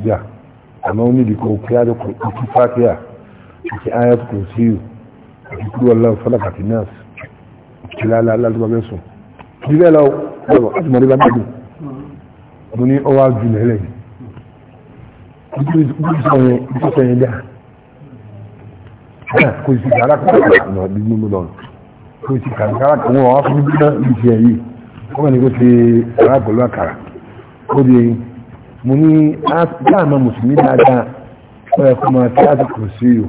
bíà àmọ́ ó ní ìdíkọ̀ òkè àdókò ìtú fákíà àti ayat kò sí ìlú àti kúrò aláwọ̀ fọlákàtì náà ìṣẹ́lá aláàlú bá bẹ́ sùn. ìdílé lọ ọ̀rọ̀ mo ní ọwọ́ àjù lẹ́lẹ̀ ìtúsọ yẹn dá kò sì kàrà kan ọ̀nà bí mo mú lọ́nà kò sì kàrà kan wọ́n wá fún bí náà ní ti ẹ̀yí wọ́n wà ní kó ti kàrà pẹ̀lú àkàrà ó di mo ní dáàmà mùsùlùmí dáadáa wọ́n yẹ kó máa tí a ti kùrù sí yòó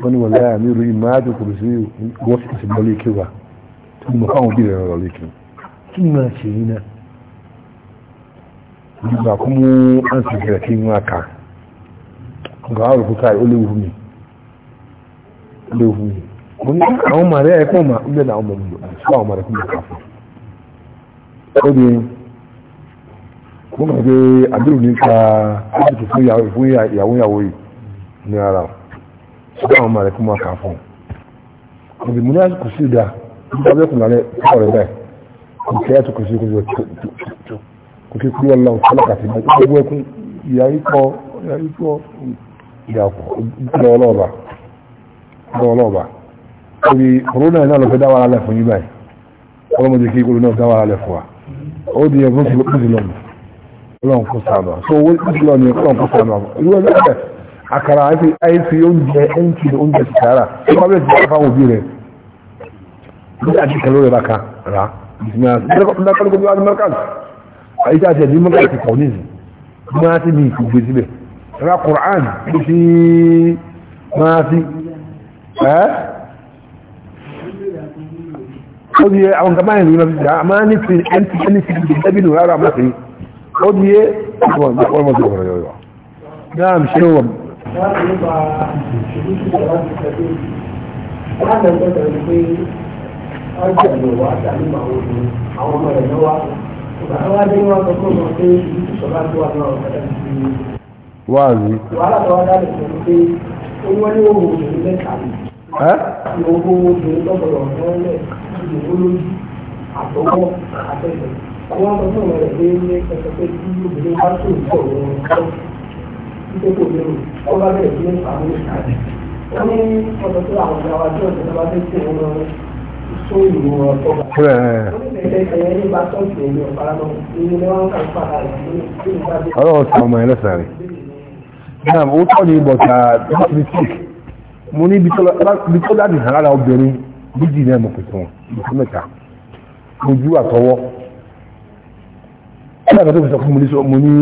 wọ́n ni wọ̀lẹ́ àmì ìròyìn máa ti kùrù sí yòó wọ́n sì ti lọ lé kéwàá tó mọ̀ fáwọn òbí rẹ̀ lọ lé kí ni máa ṣe yín náà ba kuma an su jirafin waka ga awar kuka yi olewu ne olewu ne wani awon mara ya yi kuma ma ɗin da awon mara su awon mara kuma kafin ɗaure kuma ga abiru ne ka aiki fún yawon yawoyi ní ara su awon mara kuma kafin kuma mu ne ku si da ɗin da zai kuma ne kawai bai kuma ya su kusi kusi kòkè kúrò aláwọ̀ tọ́lọ́kàtì náà gbogbo ẹkùn ìyá ikọ̀ ìyàpọ̀ lọ́wọ́lọ́ọ̀bà orí corona náà lọ fẹ́ dáwà alẹ́ fún yín báyìí ọlọ́mọdé kí corona dáwà alẹ́ fún wa ó di ẹ̀ fún sílọ́mù ọlọ́run fún sáàmà so owó sílọ́mù ọlọ́run fún sáàmà irú ẹ̀ lọ́wọ́ àkàrà àti àìsí oúnjẹ ẹ̀ǹkì oúnjẹ sàárà ó máa bẹ̀rẹ̀ sí àfáwọn òbí rẹ̀ ní àdìkẹ́ lórí bàkà rà bìsìmíà lọ́kọ̀ọ́kọ́ àyè tí a tẹ̀lé mọ́gà ti kọ̀ ní ìsìn máa ti ní ìkùgbé síbẹ̀ ra Qur'an ló fi máa ti ẹ́ ó di àwọn nǹkan báyìí lórí ọdún ìjà máa ní fi ẹni fi ẹbí nù rárá máa fi ó di ẹ́ ọmọ ìgbàkọ́rọ̀ mọ́tò ọ̀rọ̀ yọ̀yọ̀ náà ṣe ó wọ̀n láàrín ọjọ́ ìgbẹ́ ọjọ́ ìlú wa àtàlùmọ̀ àwọn ọmọ ẹ̀yọ́ wa àwọn wàhálà tó wá dáàbò fún mi pé owó ní owó òṣèlú mẹ́ta mi. ẹ́ owó obìnrin lọ́gbọ̀dọ̀ ọ̀gbọ́n lẹ̀ ìdìbò lójú àtọwọ́ àtẹ̀sẹ̀. àwọn ọmọ fún rẹ̀ pé ní ẹsẹ̀ pé kí obìnrin bá tó ìtọ̀ wọn lọ títí kò lérò wọ́n bá bẹ̀rẹ̀ sí ní àwọn ìṣàkóso. wọ́n ní ọ̀sọ̀ tó àwọn ìyàwó àti ọ̀sẹ̀ náà bá fẹ́ ọlọ́run ti ọmọ ẹlẹ́sàn rẹ̀ náà ó tọ́ ní bọ̀tà district mo ní ibi tó dáàdì hàn lára obìnrin méjì náà mo pèsè wọn ìfún mẹ́ta ojú àtọwọ́ ẹ̀ka tó fi sọ fún mi sọ mo ní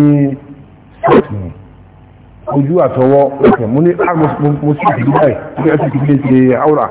sọ́ọ̀tì mi ojú àtọwọ́ ọ̀kẹ́ mo ní ah, mo sì ti báyìí mo ní ẹ̀sìn ti fi ṣe àwòrán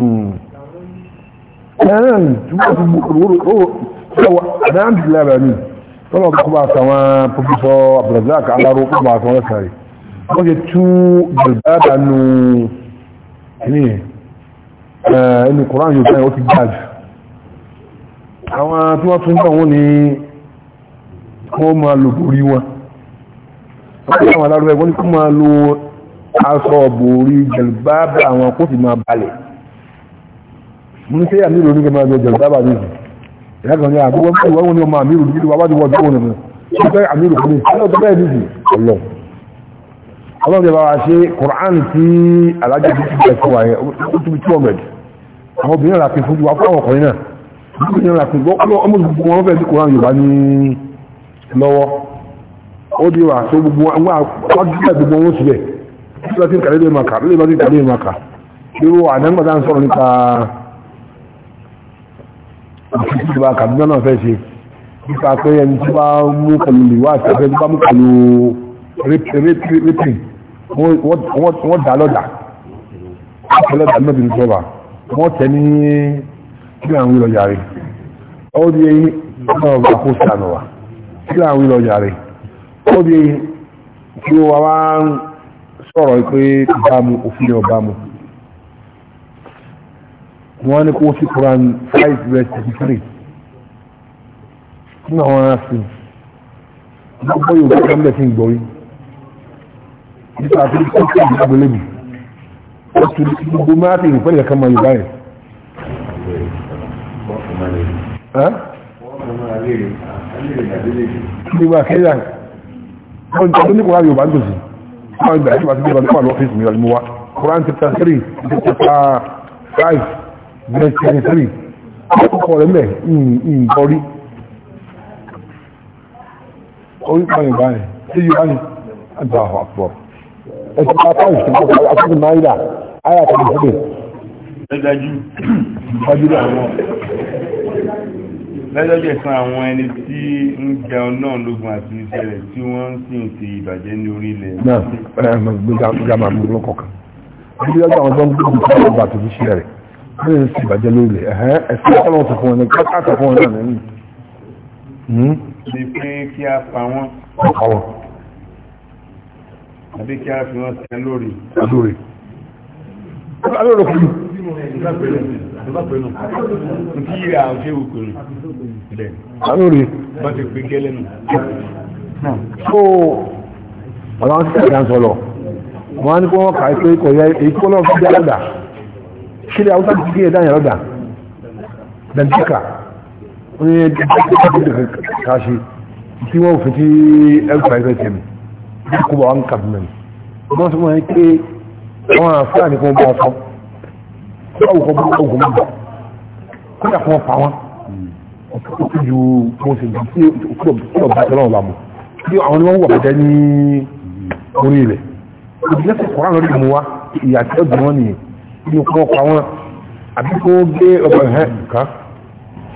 ẹ̀rẹ́n tí wọ́n ti gbogbo àdáyàndìlẹ̀ rẹ̀ ní tọ́lọ̀ tó kọba àtàwọn pọ̀pọ̀sọ̀ abdulrazak aláró kọba àtàwọn ẹ̀sàrí wọ́n ṣe tú gbẹ̀lbẹ̀dà nù ní ẹni koran yóò fẹ́ ó ti gbájú àwọn tí wọ́n tún náà wọ́n ni wọ́n máa lò borí wọn wọ́n ti àwọn aláró ẹgbọ́n ní kó máa lo aṣọ borí gbẹ̀lbẹ̀dà àwọn kó sì máa balẹ̀ mun sai amiru ne gama da jalda ba ne ya ga ne abubuwan kai wani wani amiru ne ba da wani wani shi kai amiru ne Allah da bai ne Allah Allah da ba shi Qur'an ti alaji ti da kuwa ya tu tu Muhammad àwọn obìnrin la fi fojú wa fún àwọn ọkùnrin náà la fi gbọ́ ọmọ gbogbo wọn fẹ́ bí Qur'an Yorùbá ní lọ́wọ́ ó di wà tó gbogbo wọn wọ́n dúpẹ́ gbogbo wọn síbẹ̀ tí wọ́n ti kàlẹ́ lè máa kà lè máa ti kàlẹ́ lè máa kà irú àdáńgbàdá ń sọ̀rọ̀ nípa ìjọba kàdúnà náà fẹ́ ṣe nípa pé ẹni tí bá mú pẹ̀lú ìwà àtẹ́fẹ́ tó bá mú pẹ̀lú rẹ́pìn wọ́n dá lọ́dà lọ́dà mẹ́bìn ìjọba wọ́n tẹ́ ní kí àwọn ìlọ́jà rẹ̀ ó di ọ̀rọ̀ àkóso àná wa kí àwọn ìlọ́jà rẹ̀ ó di kí wọ́n wá sọ̀rọ̀ pé ìbámu òfin ọ̀bámu wọ́n ní Quran 5 verse thirty three fún àwọn aráàfin gbogbo yóò kọ́ ọ́n bẹ̀sìn gbọ́rí nípa àti kókò ìgbàgbọ́ lẹ́bi ó tún gbogbo máa ti ìrìnkọ́ ìyàkan máa yorùbá yẹn. Ní wàá kẹ́yà, wọ́n ti tọ́jú ní Quran yorùbá gbèsè, wọ́n gbà tí wàá ti gbé ìbàdí pàlọ́ ọ́fíìsì mi lọ́dún wa, Quran chapter three, chapter five verse twenty three ọkọ̀ rẹ̀ mẹ́ ìgbọ́rí orí báyìí báyìí tí yóò bá ní àgbà àpọ̀ ẹ̀sùn pápá ìṣẹ́kọ̀ọ́ àtúntò náírà ayà tó ń fẹ́ lẹ́jọ́jọ́ ẹ̀sán àwọn ẹni tí ń jẹun náà lógun àti iṣẹ́ rẹ̀ tí wọ́n ń sì ń ti ìbàjẹ́ ní orílẹ̀ náà gbẹ́gbẹ́ àmàmù lọ́kọ̀ọ̀kan ní ní ti bàjẹ́ lórí ẹ̀hẹ́ ẹ̀sìn ọlọ́run tó fún wọn ní káàkiri fún wọn náà nìyí. ní hmm? pé kí a pa wọn. ọkọ wọn. àbí kí a fi wọn sẹ lórí. lórí. alóòrò kùn. nti yìí àwọn ṣé wò kùn. alóòrè. wọ́n ti pè gẹ́lẹ́ nù. so ọ̀làwọ̀n ti sẹ̀dá sọ̀rọ̀ wọ́n á ní kí wọ́n kà é pé kò yẹ èyí kó fi dé àgbà ṣílẹ̀ haúsá ti gbé ẹ̀dáyàn ọ̀dà dantaka oní ẹgbẹ̀rẹ̀ káṣí tí wọ́n fi tí l5m kúbọ̀ wọn kàbìmẹ̀n wọ́n sọ wọ́n pé wọ́n àfíà ní kún bá sọ ọkọ̀ bá ogun mọ́ kódà kún pa wọn òkú ju mo sì jù kí ọba tọ́lọ́wọ́ bá mọ́ bí àwọn ni wọ́n wà bàjẹ́ ní orí ilẹ̀ òdìlẹ́sẹ̀ kọ́rán lórí mu wa ìyà tí ó bí o kọ́ pa wọn àbí kó gbé ọmọ ẹ̀hẹ́ ká.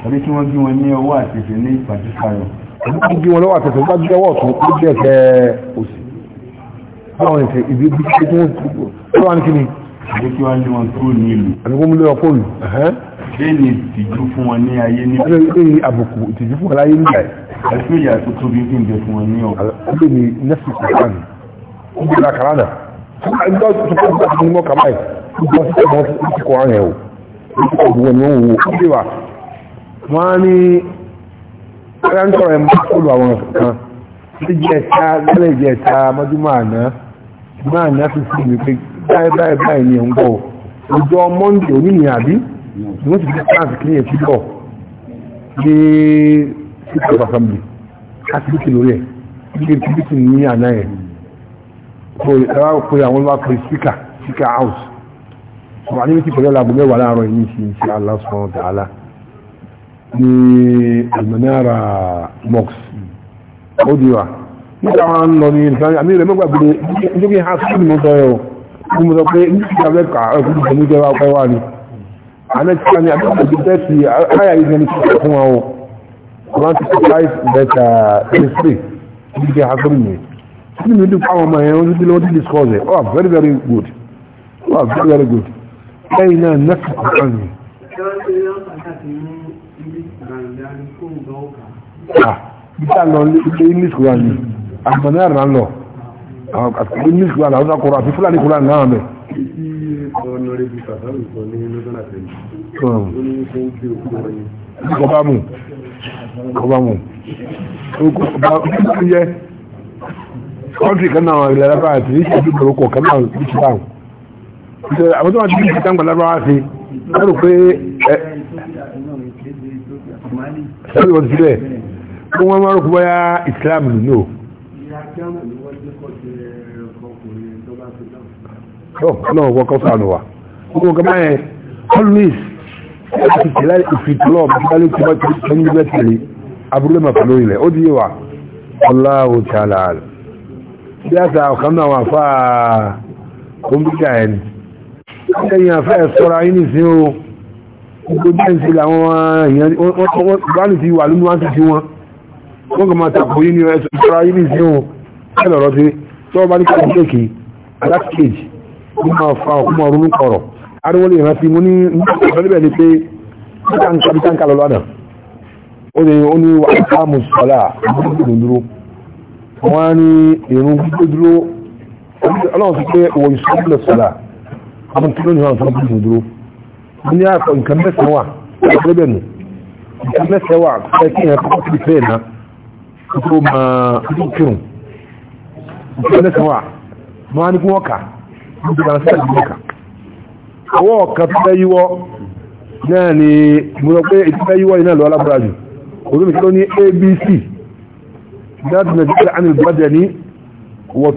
àbí kí wọ́n gbé wọn ní ọwọ́ àtẹ̀fẹ̀ ní ìpàdé àbí kí wọ́n wọn lọ́wọ́ àtẹ̀fẹ̀ bá gbé ọwọ́ ọ̀tún ó jẹ́ ẹ̀fẹ̀ òsì. báwọn ẹ̀fẹ̀ ìbí bí kí wọ́n tó wà ní kíni. àbí kí wọ́n lé wọn kúrò ní ìlú. àbí kó mú lé wọn kúrò ní. bẹ́ẹ̀ni ìtìjú fún wọn ní ayé ní. bẹ́ẹ̀ni ìtìjú fún wọn láyé ní ọ̀. ó ìkọ̀ ààrẹ ò ìkọ̀ ni wọ́n wò ó wà wọ́n ní rántọ̀ ẹ̀ máa kọlù àwọn kan tí jẹta lẹ́lẹ̀ jẹta mọ́júmọ́ àná máa ní àfi sí ìwé pé báyìí báyìí báyìí ni ẹ̀ ń bọ̀ ọjọ́ mọ́ndé òní ni àbí ni wọ́n ti fi sáàsì kí ẹ̀ ti bọ̀ ní síkà assembly láti bí kìlórí sọ̀rọ̀ àníbi ti pẹ̀lú ọ̀làgbọ̀ mẹ́wàá láàárọ̀ yìí ṣe ṣe Allah subhanahu wa ta'ala ní almanara mox ó di wa nígbà wọn lọ ní ìrìnsá àmì rẹ̀ mẹ́gbà gbèrè nítorí ha sí ìmọ̀ sọ yọ ní mo sọ pé nígbà rẹ̀ kà ẹ̀kú ní ìṣẹ̀lú jẹ́ ọkọ̀ wa ni àná ti ká ní àbúrò ti tẹ́sí àyà yìí ní kí fún wa o wọn ti fi five bẹ́tà oh very very good oh very very good lẹ́yìn náà nẹ́kì kọ̀ọ̀kan ni. bíta lọ ilé english koran ni àgbọn náà rà lọ english koran àwọn ọ̀sán koran àti fúlàní koran náà mẹ́. kọ́bá mu kọ́bá mu kọ́ntì kan náà ilẹ̀ lápá àti ìṣẹ́jú kọ̀ọ̀kan náà ìṣẹ́ báwọn àwọn tó wà ní ìjìká ń gbàlára wá sí ẹ̀rù pé ẹ̀rù wọ́n ti sílẹ̀ kí wọ́n máa rọ̀kú báyá Islam nù náà wọ́kọ́ sànù wa gbogbo ọgbà yẹn always láti tẹ̀lá ìfìtọ́lọ̀ bíbálẹ̀ tí wọ́n ti tẹ́yìn bẹ́ẹ̀ tẹ̀lé abúlé màfà lórí ilẹ̀ ó díye wa Allahu ta'ala bí a sà ọ̀kan náà wà fáà kọ́mpútà ẹni ẹ̀yìn àfẹ́ ẹ̀sọ́ra yìí nìsí o gbogbo jẹ́ǹsì àwọn èèyàn gbáàlì ti wà nínú àti ti wọn wọ́n kàn máa tàkò yìí ní ẹ̀sọ́ra yìí nìsí o ẹ̀lọ́rọ̀ ti tọ́wọ́ bá ní kàkì kéèkì alákèjì ní máa fa ọkùnmọ̀ ọ̀rún ní kọ̀rọ̀ ariwo lè rántí mú ní ìgbàlẹ́bẹ̀ ni pé bí táǹkà lọ lọ́nà ó ní ó ní wà á mú sọ́lá àbúrúdúró wọ́n á ní ìrún gbígbé dúró ọlọ́run ti pé òwò ìsọ́lá abin kí ló ní wọn fún ọdún dúró ní àkọ nǹkan mẹ́sàn wà ẹgbẹ́ nù nǹkan mẹ́sàn wà ẹ kí ẹ̀kọ́ kọ́ sí fẹ́ẹ̀ náà kí tó máa ń kírun nǹkan mẹ́sàn wà mo á ní kí wọ́n kà ní ìgbà sí àdúgbò kà ọwọ́ ọ̀kà tó fẹ́ yíwọ́ náà ni mo sọ pé ìtúfẹ́ yíwọ́ iná lọ alágbára jù olómi o ló ní abc láti nàìjíríà ànil bàjẹ́ ní wọ́n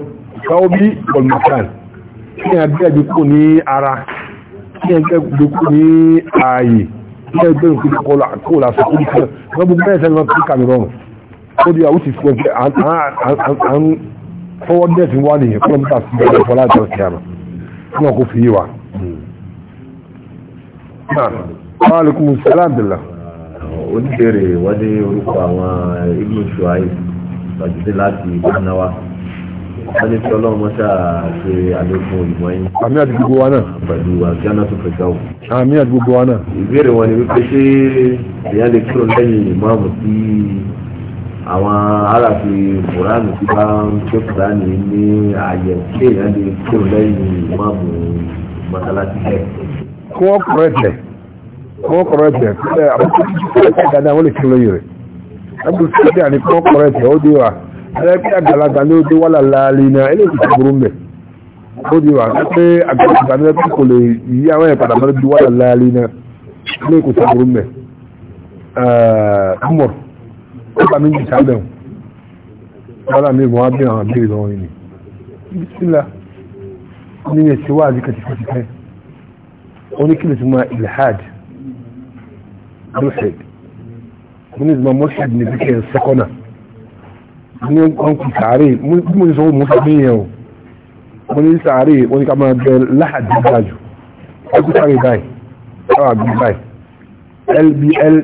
káwọ́ bí wọ́n mọ̀kàn kí ẹ bẹ́ẹ̀ dínkù ní ara kí ẹ bẹ́ẹ̀ dínkù ní ààyè kí ẹ bẹ́ẹ̀ dínkù kọlọ àkókò lásán kó dínkù wọn bú bẹ́ẹ̀ sẹ́yìn lọ́kùnrin kàmì rọrùn ó di àwọn òṣìṣẹ́ ọ̀gbẹ́ à ń fọwọ́ dẹ́ẹ̀sì wà ní kọ́lọ́mítà sí ọ̀gbẹ́ fọlá àjọ kìára kí wọn kò fi yé wa. Alaikum salaam billah. Oníbèrè wọ́n dé orúkọ àwọn Ibn Shuaib, láti Ghana wọ́n ní kí ọlọ́run mọ́ṣá ṣe àlékún ìmọ̀ yín. àmì àti gbogbo wa náà. pẹ̀lú àjánà tó fẹ́ gáwó. àmì àti gbogbo wa náà. ìbéèrè wọn ni wípé ṣé èèyàn lè kírun lẹ́yìn ìmáàmù tí àwọn aráàfi kùránì tí bá ń ké kùránì ní ààyè ṣé èèyàn lè kírun lẹ́yìn ìmáàmù mọ́sálásí bẹ́ẹ̀. kí wọ́n kọ̀rọ̀ ẹ̀tẹ̀ kí wọ́n kọ̀rọ̀ ẹ̀tẹ̀ kí wọ́n kọ̀rọ̀ ẹ̀tẹ̀ ẹgbẹ́ àgbàlagbà ló dé wàlà láàrin náà eléyìí ti burú mẹ́ ó di wà pé àgbàlagbà ló dé kò lè yí àwọn ìpadà mọ́ di wàlà láàrin náà eléyìí kò ti burú mẹ́ ọmọr ó bá mi jù sábẹ̀ wọn wàlà mi wọ́n á bí àwọn àbí ìlọrin ni bísílà ní ẹ̀sìn wà ní kàtìkàtìkà oníkìlì tó máa ilhad lóṣèlú oníkìlì tó máa mọ́ṣẹ́d ní bí kẹ́ sẹ́kọ́nà ní wọ́n kù sàárè bí mo ti sọ mo fẹ́ yẹn o mo ní sàárè wọ́n ní ká máa bẹ láàdì gbàjù ẹkú sàárè báyìí káwà bí báyìí lbl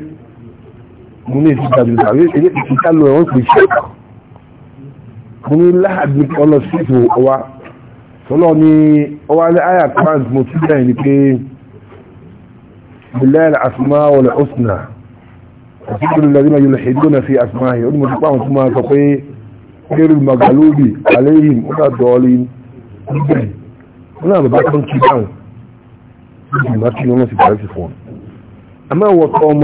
mo ní èsì gbàjù sàárè èyí ti ká lọ ẹ̀wọ̀n pè ṣe mo ní láàdì ọlọ sí ètò ọwa sọlọ ní ọwa ní àyà kan mo ti bẹ̀rẹ̀ ni pé bilal asma wal وكل الذين يلحدون في أسمائه هم تقام ثم تقوي غير المغلوب عليهم ولا الضالين ولا بباكم كيبان لكن هم في تعرفون أما هو قوم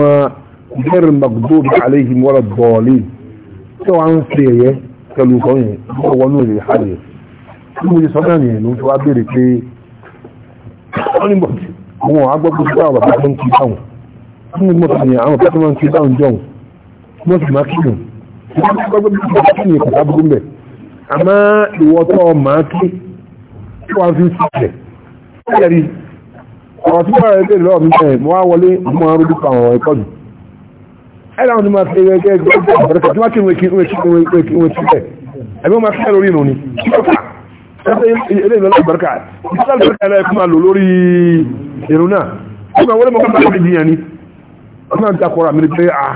غير المغضوب عليهم ولا الضالين سواء سيئة كالوكوين هو نور الحالي ثم يصدقني أنه تعبير في أنا مغضوب هو عقبك سواء بباكم كيبان fún mi mọ̀tò ní àwọn pẹ́tọ́ máa ń ti dáhùn jọ̀hún mọ̀tò máa kí nù kí ni kàtà burú mbẹ̀ àmọ́ ìwọ́tọ̀ máa kí tí wọ́n fi ń sílẹ̀ ẹ̀rí ọ̀rọ̀ tí wọ́n rẹ̀ lè lọ́ọ̀ mi sẹ́yìn mo wá wọlé mọ́ arú dúpọ̀ àwọn ẹ̀kọ́ jù ẹ̀rọ àwọn onímọ̀ ẹgbẹ́ ẹgbẹ́ ẹgbẹ́ ọ̀rẹ́kọ̀ tí wọ́n kí wọ́n kí wọ́n kí wọ́n kí bẹ́ẹ̀ ẹgbẹ́ wọn fẹ́ lórí ìrùn ni ilé ìlú alábàárkà ìlú alábàárkà ẹ̀rọ ẹ̀kọ́ máa lò lórí ìrùn náà ọmọ ìta kọ́ra mi pé à ah,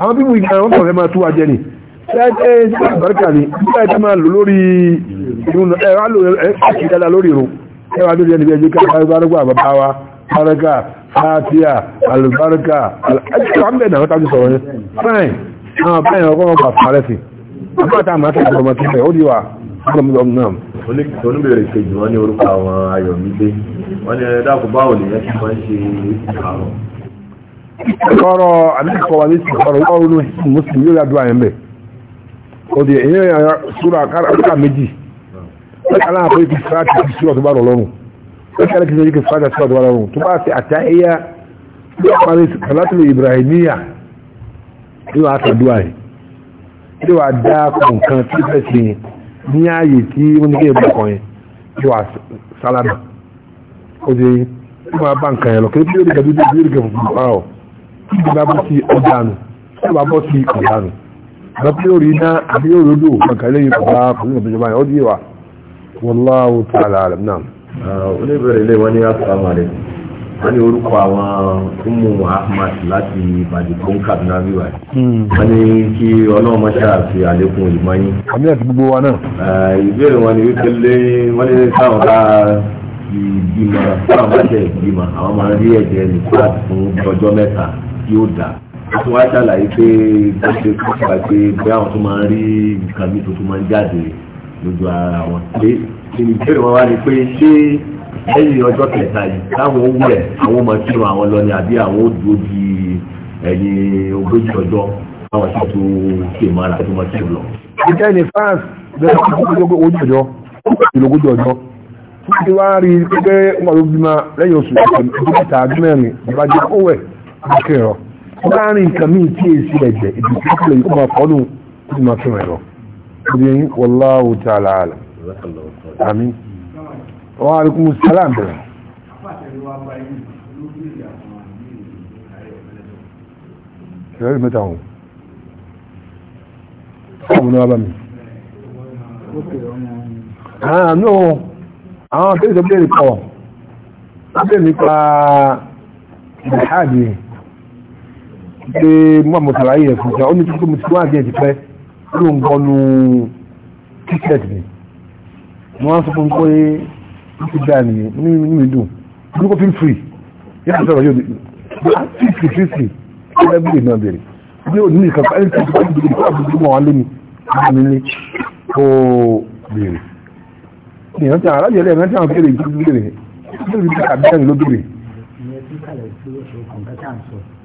àwọn bíbù ìgbà wọn kọ̀ọ̀fẹ́ máa tó wa jẹ ni ṣáàjẹ́ ìjọba àbáríkà ni nígbà ìta máa lò lórí ìrún ẹ̀rọ àlò ìdálá lórí ìrún ẹwà tó jẹ́ níbi ẹjọ́ ká àbáríkà bàbá wa àbáríkà fàtíà kọ́rọ̀ àdíkọ̀wà ní ọ̀rọ̀ ọ̀rọ̀ mùsùlùmí yóò yàdúrà yẹn bẹ̀ òdì èyàn yàrá súra kára méjì aláàpọ̀ ikú fàájì sí súra tó bá rọ̀ lọ́rùn ó kẹ́lẹ́ kí sẹ́yìn kí fàájì súra tó bá rọrùn tó bá fi àtàíyà yóò parí kàlátìlì ibrahimiya yóò á sàdúrà yìí yóò á dá kọ̀ọ̀kan tí fẹ́ sí ní ààyè tí wọ́n ní kéèyàn bọ̀kọ̀ yẹn yóò á sálámà òdì yóò máa bá nǹkan yẹn lọ kí tí ìjọba bọ́ sí ọjà nù tí ìjọba bọ́ sí ọjà nù àbí yóò rí iná àbí yóò rí odò lẹ́yìn kọ̀ọ̀bá pẹ̀lú ìjọba yẹn ó di wa wallahu ta'ala alam náà. oníbẹ̀rẹ̀ ilé wọn ní asalaamu alaykum wọn ní orúkọ àwọn umu ahmad láti ìbàdìkún kaduna bíwá hmm. wọn ní kí ọlọ́run mọ́ṣá àti àlékún ìmọ̀yìn. àmì àti gbogbo wa náà. ìbéèrè wọn ni wípé lé wọn ní káwọn ká ìbímọ káwọn bá tẹ ìbímọ àwọn máa rí ẹ̀jẹ̀ ní fún ọjọ́ mẹ́ta yóò dà tó wá ṣàlàyé pé bó ṣe kọ́ sípa pé bí àwọn tó máa ń rí nǹkan mi tuntun máa ń jáde lójú ara wọn pé ìbéèrè wọn wá ni pé ṣé lẹ́yìn ọjọ́ kẹta yìí táwọn ó wẹ̀ àwọn ọmọ kírun àwọn lọ ni àbí àwọn ó dúró di ẹ̀yìn ogójì ọjọ́ àwọn tó tó ṣe ìmọ̀ra tó mọ̀ kírun lọ. ìkẹ́ ni france bẹ̀rẹ̀ sí ìlógójì ọjọ́ ìlógójì ọjọ́ tí wọ́n rí pé wọ́n ló bímọ lẹ́yìn oṣù kẹta mẹ́rin ìbàjẹ́ ó wẹ̀ akẹ́rọ láàrin nǹkan míì tí è sí ẹ̀jẹ̀ ìdí tí ó lè yíkọ́ máa kọ́ nù tí máa fi rẹ̀ lọ obìnrin wallahu ta'ala alam àmì wọ́n alikun sálà bẹ̀rẹ̀ ìrẹ́lì mẹ́ta wọn sáàbù náà bá mi àánú ah, àwọn abẹ́rẹ́ sọ bẹ́ẹ̀ kọ́ wọ́n bẹ́ẹ̀ nípa ìhádìí pé mọ́mọ́ sàlàyé ẹ̀ fún ṣe ó ní tó mo ti wá àgbẹ̀ ti pẹ́ ló ń gbọ́nu tíkẹ́ẹ̀tì mi mo wá ń sọ fún pé ó ti dá nìyẹn nínú mi dùn mo ní kó feel free yóò ti sọ̀rọ̀ yóò di fífi ah, fífi ó bẹ́ẹ̀ bíi náà bèrè bí o ní ìkàkọ́ ẹni tí o ti bá ìdílé àbúrò mọ́ wọn lé mi ní ilé ó bèrè ìrántí àwọn arábìnrin ẹ̀rántí àwọn kéèrè ìdílé bèrè ó bèrè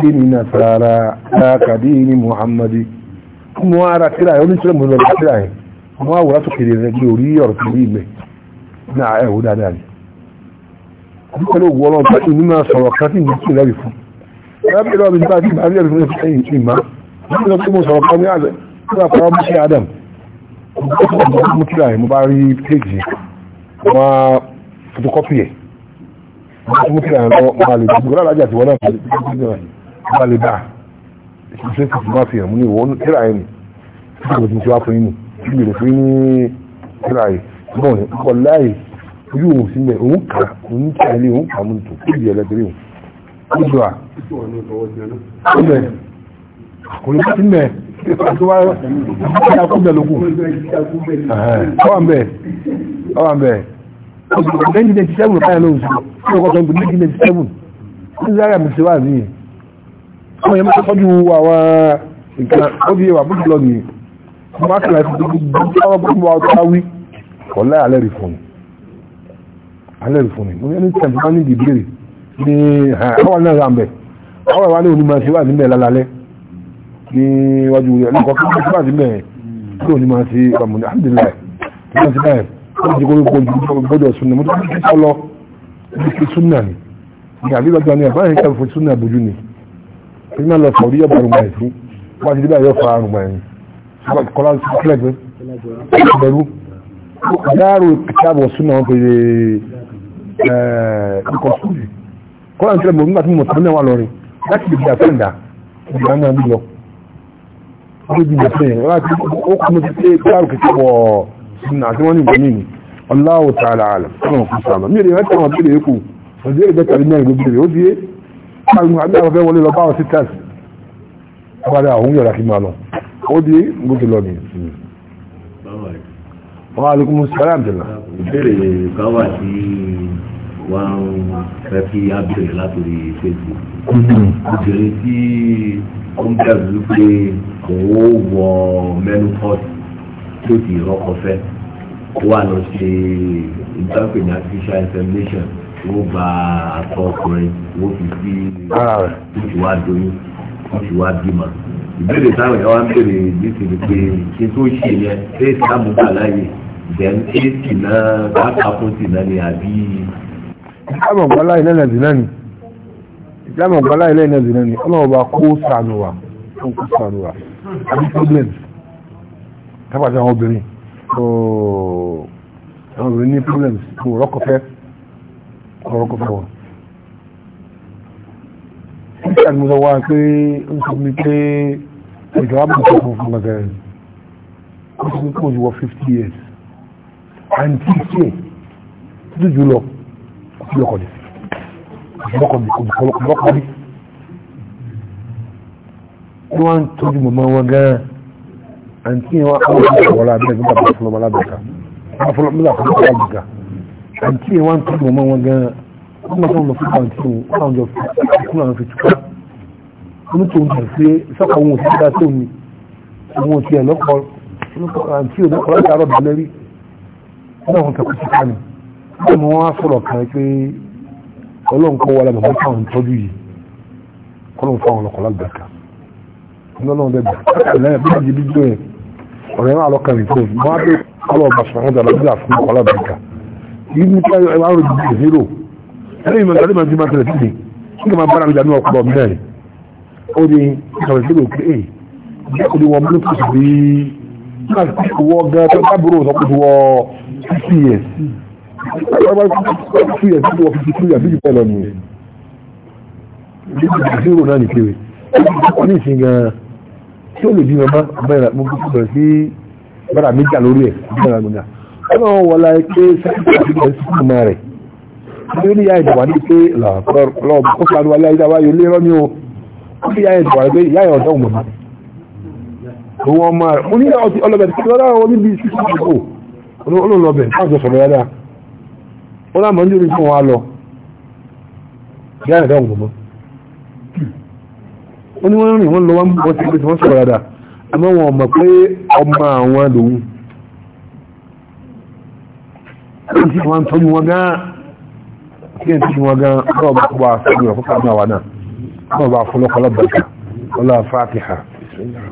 دين نصارى ذاك دين محمدي مو ارى ترى يقول لي مو ارى ترى مو ارى تكري رجوري يرتبي نعم اهو ده ده kọ́lọ̀ wọ́lọ́n pàtí ní máa sọ̀rọ̀ kan tí ní kí lẹ́rì fún ẹgbẹ̀rẹ̀ ọmọ ìgbà tí bá lẹ́rì fún ẹ̀fẹ́ yìí tí ma nígbà tí mo sọ̀rọ̀ kan ní àlẹ́ tí wà fara mú sí adam fotokọ́pì ẹ̀ wọ́n mú kí ẹ̀rọ balẹ̀ bá gbọ́dọ̀ alájà tí wọ́n náà balẹ̀ bá ìṣẹ́ tó máa fi hàn mú ní ìwọ́n kíra ẹ̀ ní ìṣẹ́ tó ti wá fún yín ní ìgbèrè fún yín ní kíra ẹ̀ náà ní ọkọ̀ láì ojú òun sí mẹ́ òun kà òun kí ẹ̀ òun kà mú tó kí ìyẹ̀ lẹ́tẹ̀rẹ̀ òun ó jọ à kò ní bá ti mẹ́ tó wá ó wà ń bẹ̀ ó wà ń 1997 báyìí lóòsù tí ọkọ̀ sọ́nkù 1997 tí zára mi ti wà ní ẹ̀ ọmọ yẹn mọ́ tọ́jú àwọn nǹkan ó bí wà bójú ní ọmọ máa kìlá ìfún gbogbo àwọn gbogbo àwọn tó wí ọ̀lá alẹ́rì fún alẹ́rì fún ní ẹni tẹ̀sí máa ní ìdìbìrì ní àwọn náà rà àwọn ìwà ní onímọ̀ wà níbẹ̀ lálálẹ́ ní iwájú ẹnìkan kí wọ́n wọ́n ti gbogbo gbọdọ̀ súnà mo tó kí kí lọ bí kí súnà ni ní àbí lọ́jọ́ ni àbáyé kẹ́ fún súnà bójú ni kí má lọ sọ orí ọ̀bà àrùn báyìí fún wọ́n ti dé báyìí ọ̀fà àrùn báyìí kọ́lá ń sọ kílẹ̀ gbé bẹ̀rù dáàrò kíkàbọ̀ súnà wọn pèlè ikọ̀ súnì kọ́lá ń kílẹ̀ mọ̀ nígbà tí mo sọ wà lọ́rin láti ibi àfẹ́ǹdà ìgbà náà ń lọ ó kọ́ mo ti pé dáàrò kíkàbọ̀ sunna àti wọ́n ní ìgbẹ̀mí ni Allahu ta'ala alam ọ̀nà kò sàmà mí rèé mẹ́ta wọn bí rèé kù ọ̀dẹ́ rèé bẹ́tà nínú ìlú bìrì ó di é káàkiri àbí àwọn fẹ́ wọlé lọ báwọn sí tẹ́sì wọ́n àwọn òun yọ̀rá kí máa lọ ni. wọ́n á lókun sàrà àbẹ̀là. ìbéèrè kan wà sí wọn fẹ́ kí Facebook obìnrin tí ó ń bẹ̀rù wípé òun ó wọ tó ti rọ́kọ fẹ́ wà lọ ṣe ìgbàpè ní artificial insemination wọ́n gba akọ ọkùnrin wọ́n fi sí wọ́n ti wá doyún wọ́n ti wá bímọ ìbéèrè táwọn èèyàn wá ń béèrè nítorí pé kí n tó ṣe yẹn ṣé ìsìlámù gbà láàyè then ṣé tìǹà bàbá fún tìǹà ni àbí. ìsìlámù gbà láàyè lẹ́nà ìdìnnà ni ìsìlámù gbà láàyè lẹ́nà ìdìnnà ni ọlọ́wọ́ bá kó sànù wa kó sànù wa àbí problems? tábàtí àwọn obìnrin ooo àwọn obìnrin ní problems kò rọ́kọ̀fẹ́ kò rọ́kọ̀fẹ́ wọn títí àti mọ́sán wá pé ń sọ mi pé ìjọ àbùkù fún fún ọgbẹ̀rẹ̀ ó sọ pé kò sí wọ 50 years and títí ẹ̀ títí jùlọ kò lọ́kọ̀dẹ̀ lọ́kọ̀dẹ̀ kò lọ́kọ̀dẹ̀ wọ́n ń tọ́jú mọ̀mọ́ wọn gan-an àǹtí wa àwọn alábẹ́ nígbà bá fún ọmọ alábẹ́ka afọlọ nígbà fún ọmọ alábẹ́ka àǹtí wa ń tọ́jú ọmọ wọn gan wọ́n máa tọ́jú fún àǹtí wọn wọ́n àwọn jọ fún àwọn fi túká wọ́n tó ń tẹ̀ sí sọ́kà wọn òsì dá tó ní àwọn òsì ẹ̀ lọ́kọ̀ àǹtí wọn lọ́kọ̀ láti àárọ̀ bẹ̀rẹ̀ rí wọ́n àwọn tẹ̀kọ̀ sí kánì wọ́n mú wọn sọ̀rọ̀ kan pé ọlọ́run kọ́ wa lábẹ́ fún tọ́jú yìí kọ́ ló ń fún àwọn ọlọ́kọ̀ lágbàkà ọlọ́run bẹ́ẹ̀ bẹ́ẹ̀ ọ̀rẹ́ máa lọ́kàn rìn fún wọ́n á dé ọlọ́ọ̀bà sọ̀rọ̀ dàlọ́dà fún ọlọ́bìnkà yìí ní káyọ̀ ẹ̀wà rò dìde zero ẹ̀rẹ́ ìmọ̀ ìgbàlẹ́ máa ti máa tẹ̀lé síbi kí ló máa bára mi dànù ọ̀pọ̀ mẹ́rin ó ní ìkàwé zero pé èyí jẹ́ kò ní wọ́n mú kùsù bí náà ti kò wọ́ gan tó gan tí ó lè bí mama bẹ́ẹ̀ mo kúkú bẹ̀rẹ̀ sí bára mi jà lórí ẹ̀ bẹ́ẹ̀ gbọ́dọ̀ ọmọ wọn wọlá pé sẹ́kítà ti bẹ̀rẹ̀ sí ọmọ rẹ̀ ní ó ní yá ìdọ̀wà ní pé lọ́ọ̀bù kó fanu alẹ́ ayédáwá yóò lé rọ́ní o ó ní yá ìdọ̀wà pé yá ìyọ̀dọ̀ mọ̀ mọ́ òun ọmọ rẹ̀ mo ní yá ọtí ọlọ́bẹ̀ tí lọ́dọ̀ wọn níbi sísá àgbo olólọ́bẹ̀ káàkiri wọ́n ní wọ́n rìn wọ́n lọ wọ́n ti pèsè wọ́n sọ̀rọ̀ dáadáa àmọ́ wọn mọ̀ pé ọmọ àwọn lòun wọ́n ti wọ́n tọ́jú wọn gan kí n tọ́jú wọn gan wọ́n bá wà sọ́dún ọ̀fọ́kà náà wà náà wọ́n bá fọlọ́kọlọ́ bàtà wọ́n lọ́ fàtìhà bismillah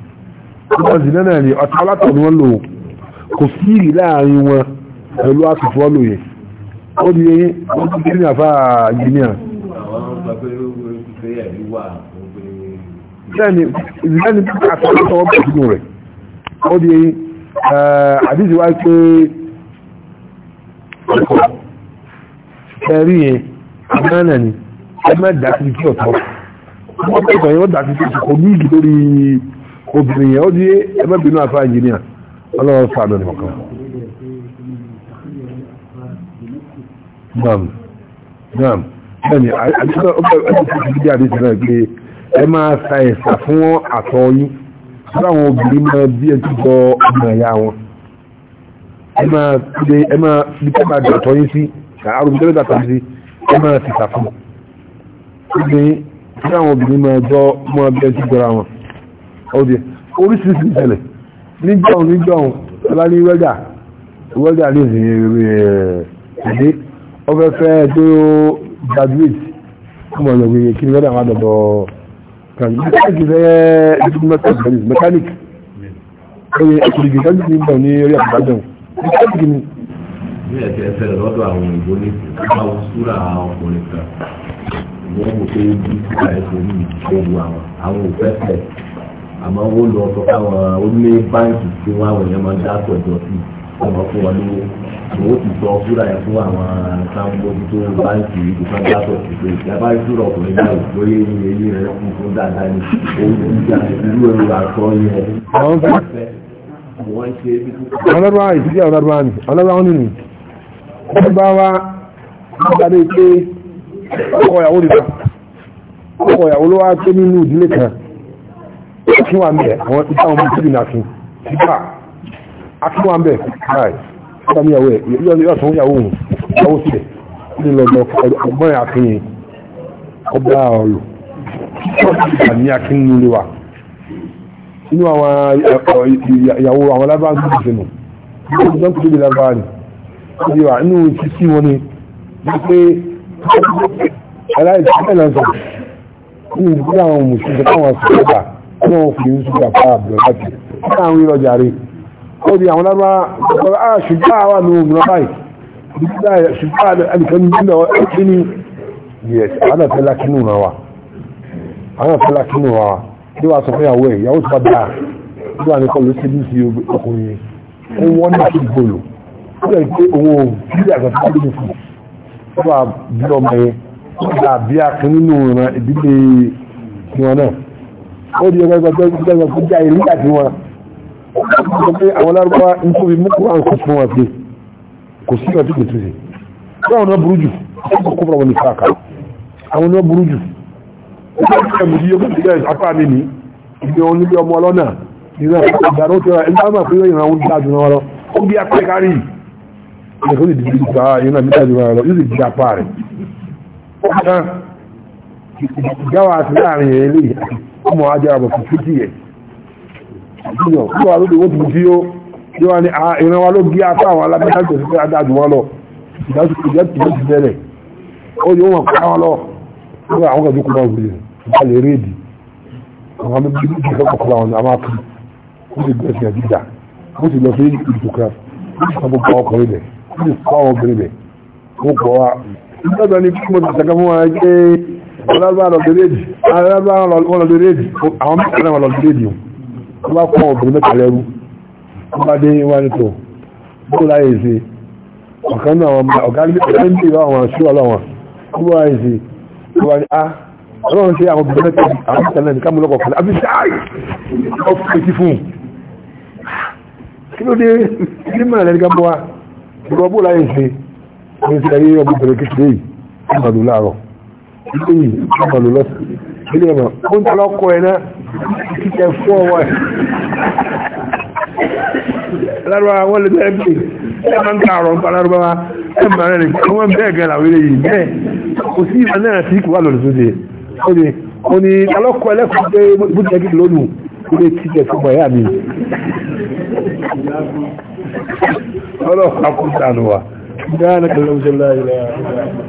wọ́n zìnà náà ni ọ̀tá alátọ̀ ni wọ́n lò kò síìrì láàrin wọn pẹ̀lú àtùfọ́ lò yẹ ó di eyín wọ́n ti kí ní àfá ìjìnìà zìnà ni àtàlátọ̀ wọ́n bẹ̀rẹ̀ sínú rẹ̀ ó di ní ìdí obìnrin yẹn ó di ẹgbẹ́bìnú àfa ẹnjìníà ọlọ́wọ́ sàánù ní ọkàn gbàm gbàm bẹ́ẹ̀ni àdìsọ́ ọgbẹ́ àdìsọ́ náà pé ẹ máa sa ẹ̀sà fún àtọ̀ yín láwọn obìnrin máa bí ẹ ti gbọ́ ọmọ ẹ̀yà wọn ẹ máa tilé ẹ máa bí ká máa dàtọ̀ yín sí àrùn tẹ́lẹ̀ dàtọ̀ yín sí ẹ máa sì sàfún obìnrin láwọn obìnrin máa jọ máa bí ẹ ti wọn ọdẹ oríṣiríṣi ìṣẹ̀lẹ̀ níjọ́un níjọ́un ọlá ní wẹ́gà wẹ́gà ní ìdí ọfẹ́fẹ́ tó graduate ọmọ ìlọ̀gbẹ̀ kí ni wẹ́gà wà dọ̀dọ̀ mechanic fẹ́ ìdúgbọ́n mechanic oye ìkìlìgì mechanic ní ìbọn ní orí àpàdàn mechanic ni ní ẹ̀sẹ̀ ẹsẹ̀ lọ́dọ̀ àwọn wọ́n mú pé bí ẹ̀sẹ̀ ní ìṣòro àwọn àwọn òfẹ́fẹ́ àmọ́ ó lọ sọ fáwọn onílé báńkì tí wọ́n àwọn èèyàn máa ń dá sọ̀ jọ sí àwọn fún wọn lówó àwọn ti sọ fúra yẹn fún àwọn sáńgbóbító báńkì ìlú kan dá sọ̀ sí pé ìṣúra ọkùnrin náà lórí eyín eyín rẹ̀ kún fún dáadáa ní ohun ìjà ìlú ẹ̀rọ àkọ́ yẹn. àwọn fẹ́ ọlọ́dún àìsí jẹ́ ọlọ́dún àmì ọlọ́dún àwọn nínú ọgbàwà nígbàdé pé ọkọ̀ ìyàwó nìkan ọkọ̀ ìyàwó ló wá tó nínú ìdílé kan kí wà mẹ́ àwọn ìta ọmọ ìtìrì náà fún ìgbà akíwà mẹ́ káì ọ̀dá mi àwẹ̀ yóò tún yàwó òun yàwó sílẹ̀ ní lọ́gbọ́ ọgbọ́n àfihàn ọgbà ọ̀lù àní akínú lè wà inú àwọn ìyàwó àwọn lábáà tó dìde nù ìjọ ń kúrò lábáà ni ó di wà inú ti wọn ni wípé aláìsí ẹ̀lẹ́sọ̀ nínú ìdílé àwọn mùsùlùmí káwọn sọ̀rọ̀ kí wọ́n fi ń sùgbà fà àbúrò láti láàrin ìrọ̀jà rẹ̀ ó di àwọn lábá ọ̀pọ̀ àṣùgbà ah, wà ní ogun lọ́pàá yìí ṣùgbà ẹnìkan nílò ẹ̀kí ní yes àwọn àfẹ́lá kínú ra wa àwọn àfẹ́lá kínú ra wa tí wàá sọ fẹ́yàwó ẹ̀ ìyàwó sọ dáa tí wàá ní kọ́ ló ṣẹ́bí sí ọkùnrin ó wọ́n ní kí gbòòlò ó lè pé owó bílíà kan tó bí fún ó wà bí ọmọ yẹn ó dà bí akín ìdílé tiwọn náà ó di ẹgbẹ́ ẹgbẹ́ ẹgbẹ́ ẹgbẹ́ fún jáì rí àti wọn sọ pé àwọn lárúbá ń kó bí mọ́kù à ń kó fún wọn sí kò sí ìgbà tí kò túnṣe tí àwọn náà burú jù ó kó fún ọmọ àwọn náà burú jù ó bá ti ẹ̀mù yíyó fún ìgbà apá mi ní ìgbé wọn níbi ọmọ ọlọ́nà ìrìn àti ìgbàrá ó ti ra ẹgbẹ́ àmà pé ìrìn àwọn dájú wọn lọ ó bí apá kárí ìrìn àti ìgbà ìrìn àti ìgbà lọ yóò sì ọmọ ajá àbọ̀ fún fíjì yẹn ìjọ tí wà lóde wọ́n ti fi ó tí wà ní ìran wa ló gí apá àwọn alábẹ́ta tó ti fẹ́ adájú wọn lọ ìdájú ìjẹ́ tí wọ́n ti bẹ̀rẹ̀ ó yóò wọn kọ́ wọn lọ nígbà àwọn kan tó kọ́ wọn wulẹ̀ nígbà lè rédì àwọn amẹ́bí tó ti kọ́ kọ́ wọn a máa kú ó ti gbẹ̀sẹ̀ àdídà ó ti lọ sí ìdìbò kan ó ti kọ́ bọ́ ọkọ̀ rẹ̀ ó ti kọ́ àwọn obìnrin rẹ̀ ó kọ́ wa nígbà tó ní kí mo ti sàkẹ́ alábàá lọ sí rédì alábàá wọn lọ sí rédì àwọn mẹ́ta náà wọn lọ sí rédì wọn bá kọ́ obìnrin mẹ́ta lẹ́rú wọn bá dé wọn ní tó bó láyé sí ọ̀kan náà wọn ọ̀gá ní ọ̀gá ní ìwà àwọn aṣọ ọlọ́wọ́n bó láyé sí wọn ni a ọlọ́run sí àwọn obìnrin mẹ́ta àwọn mẹ́ta náà nìkan mú lọ́kọ̀ kan àbí sáàyè ọ fèsì fún un kí ló dé ní mọ̀ lẹ́nu kan bọ́ wa bó láyé sí wọn ti ayé ọmọbìnrin kékeré yìí lẹ́yìn ọmọlú lọ́sùn ilé ọmọ ó ń tọ́lọ́kọ́ ẹ̀nà títẹ fún ọwọ́ ẹ̀ lárúbá wọn lè bẹ́ẹ̀ pé ẹ máa ń ta ọ̀rọ̀ nípa lárúbá wa ẹ máa rẹ̀ nìkan wọ́n bẹ́ẹ̀ gẹ̀ làwọn eléyìí bẹ́ẹ̀ kò sí ìmọ̀ náà sí ìkùwà lọ́dún tó ó ní ó ní tọ́lọ́kọ́ ẹlẹ́kùn pé bóde kí lónù ilé títẹ fún ọmọ mi ọlọ́pàá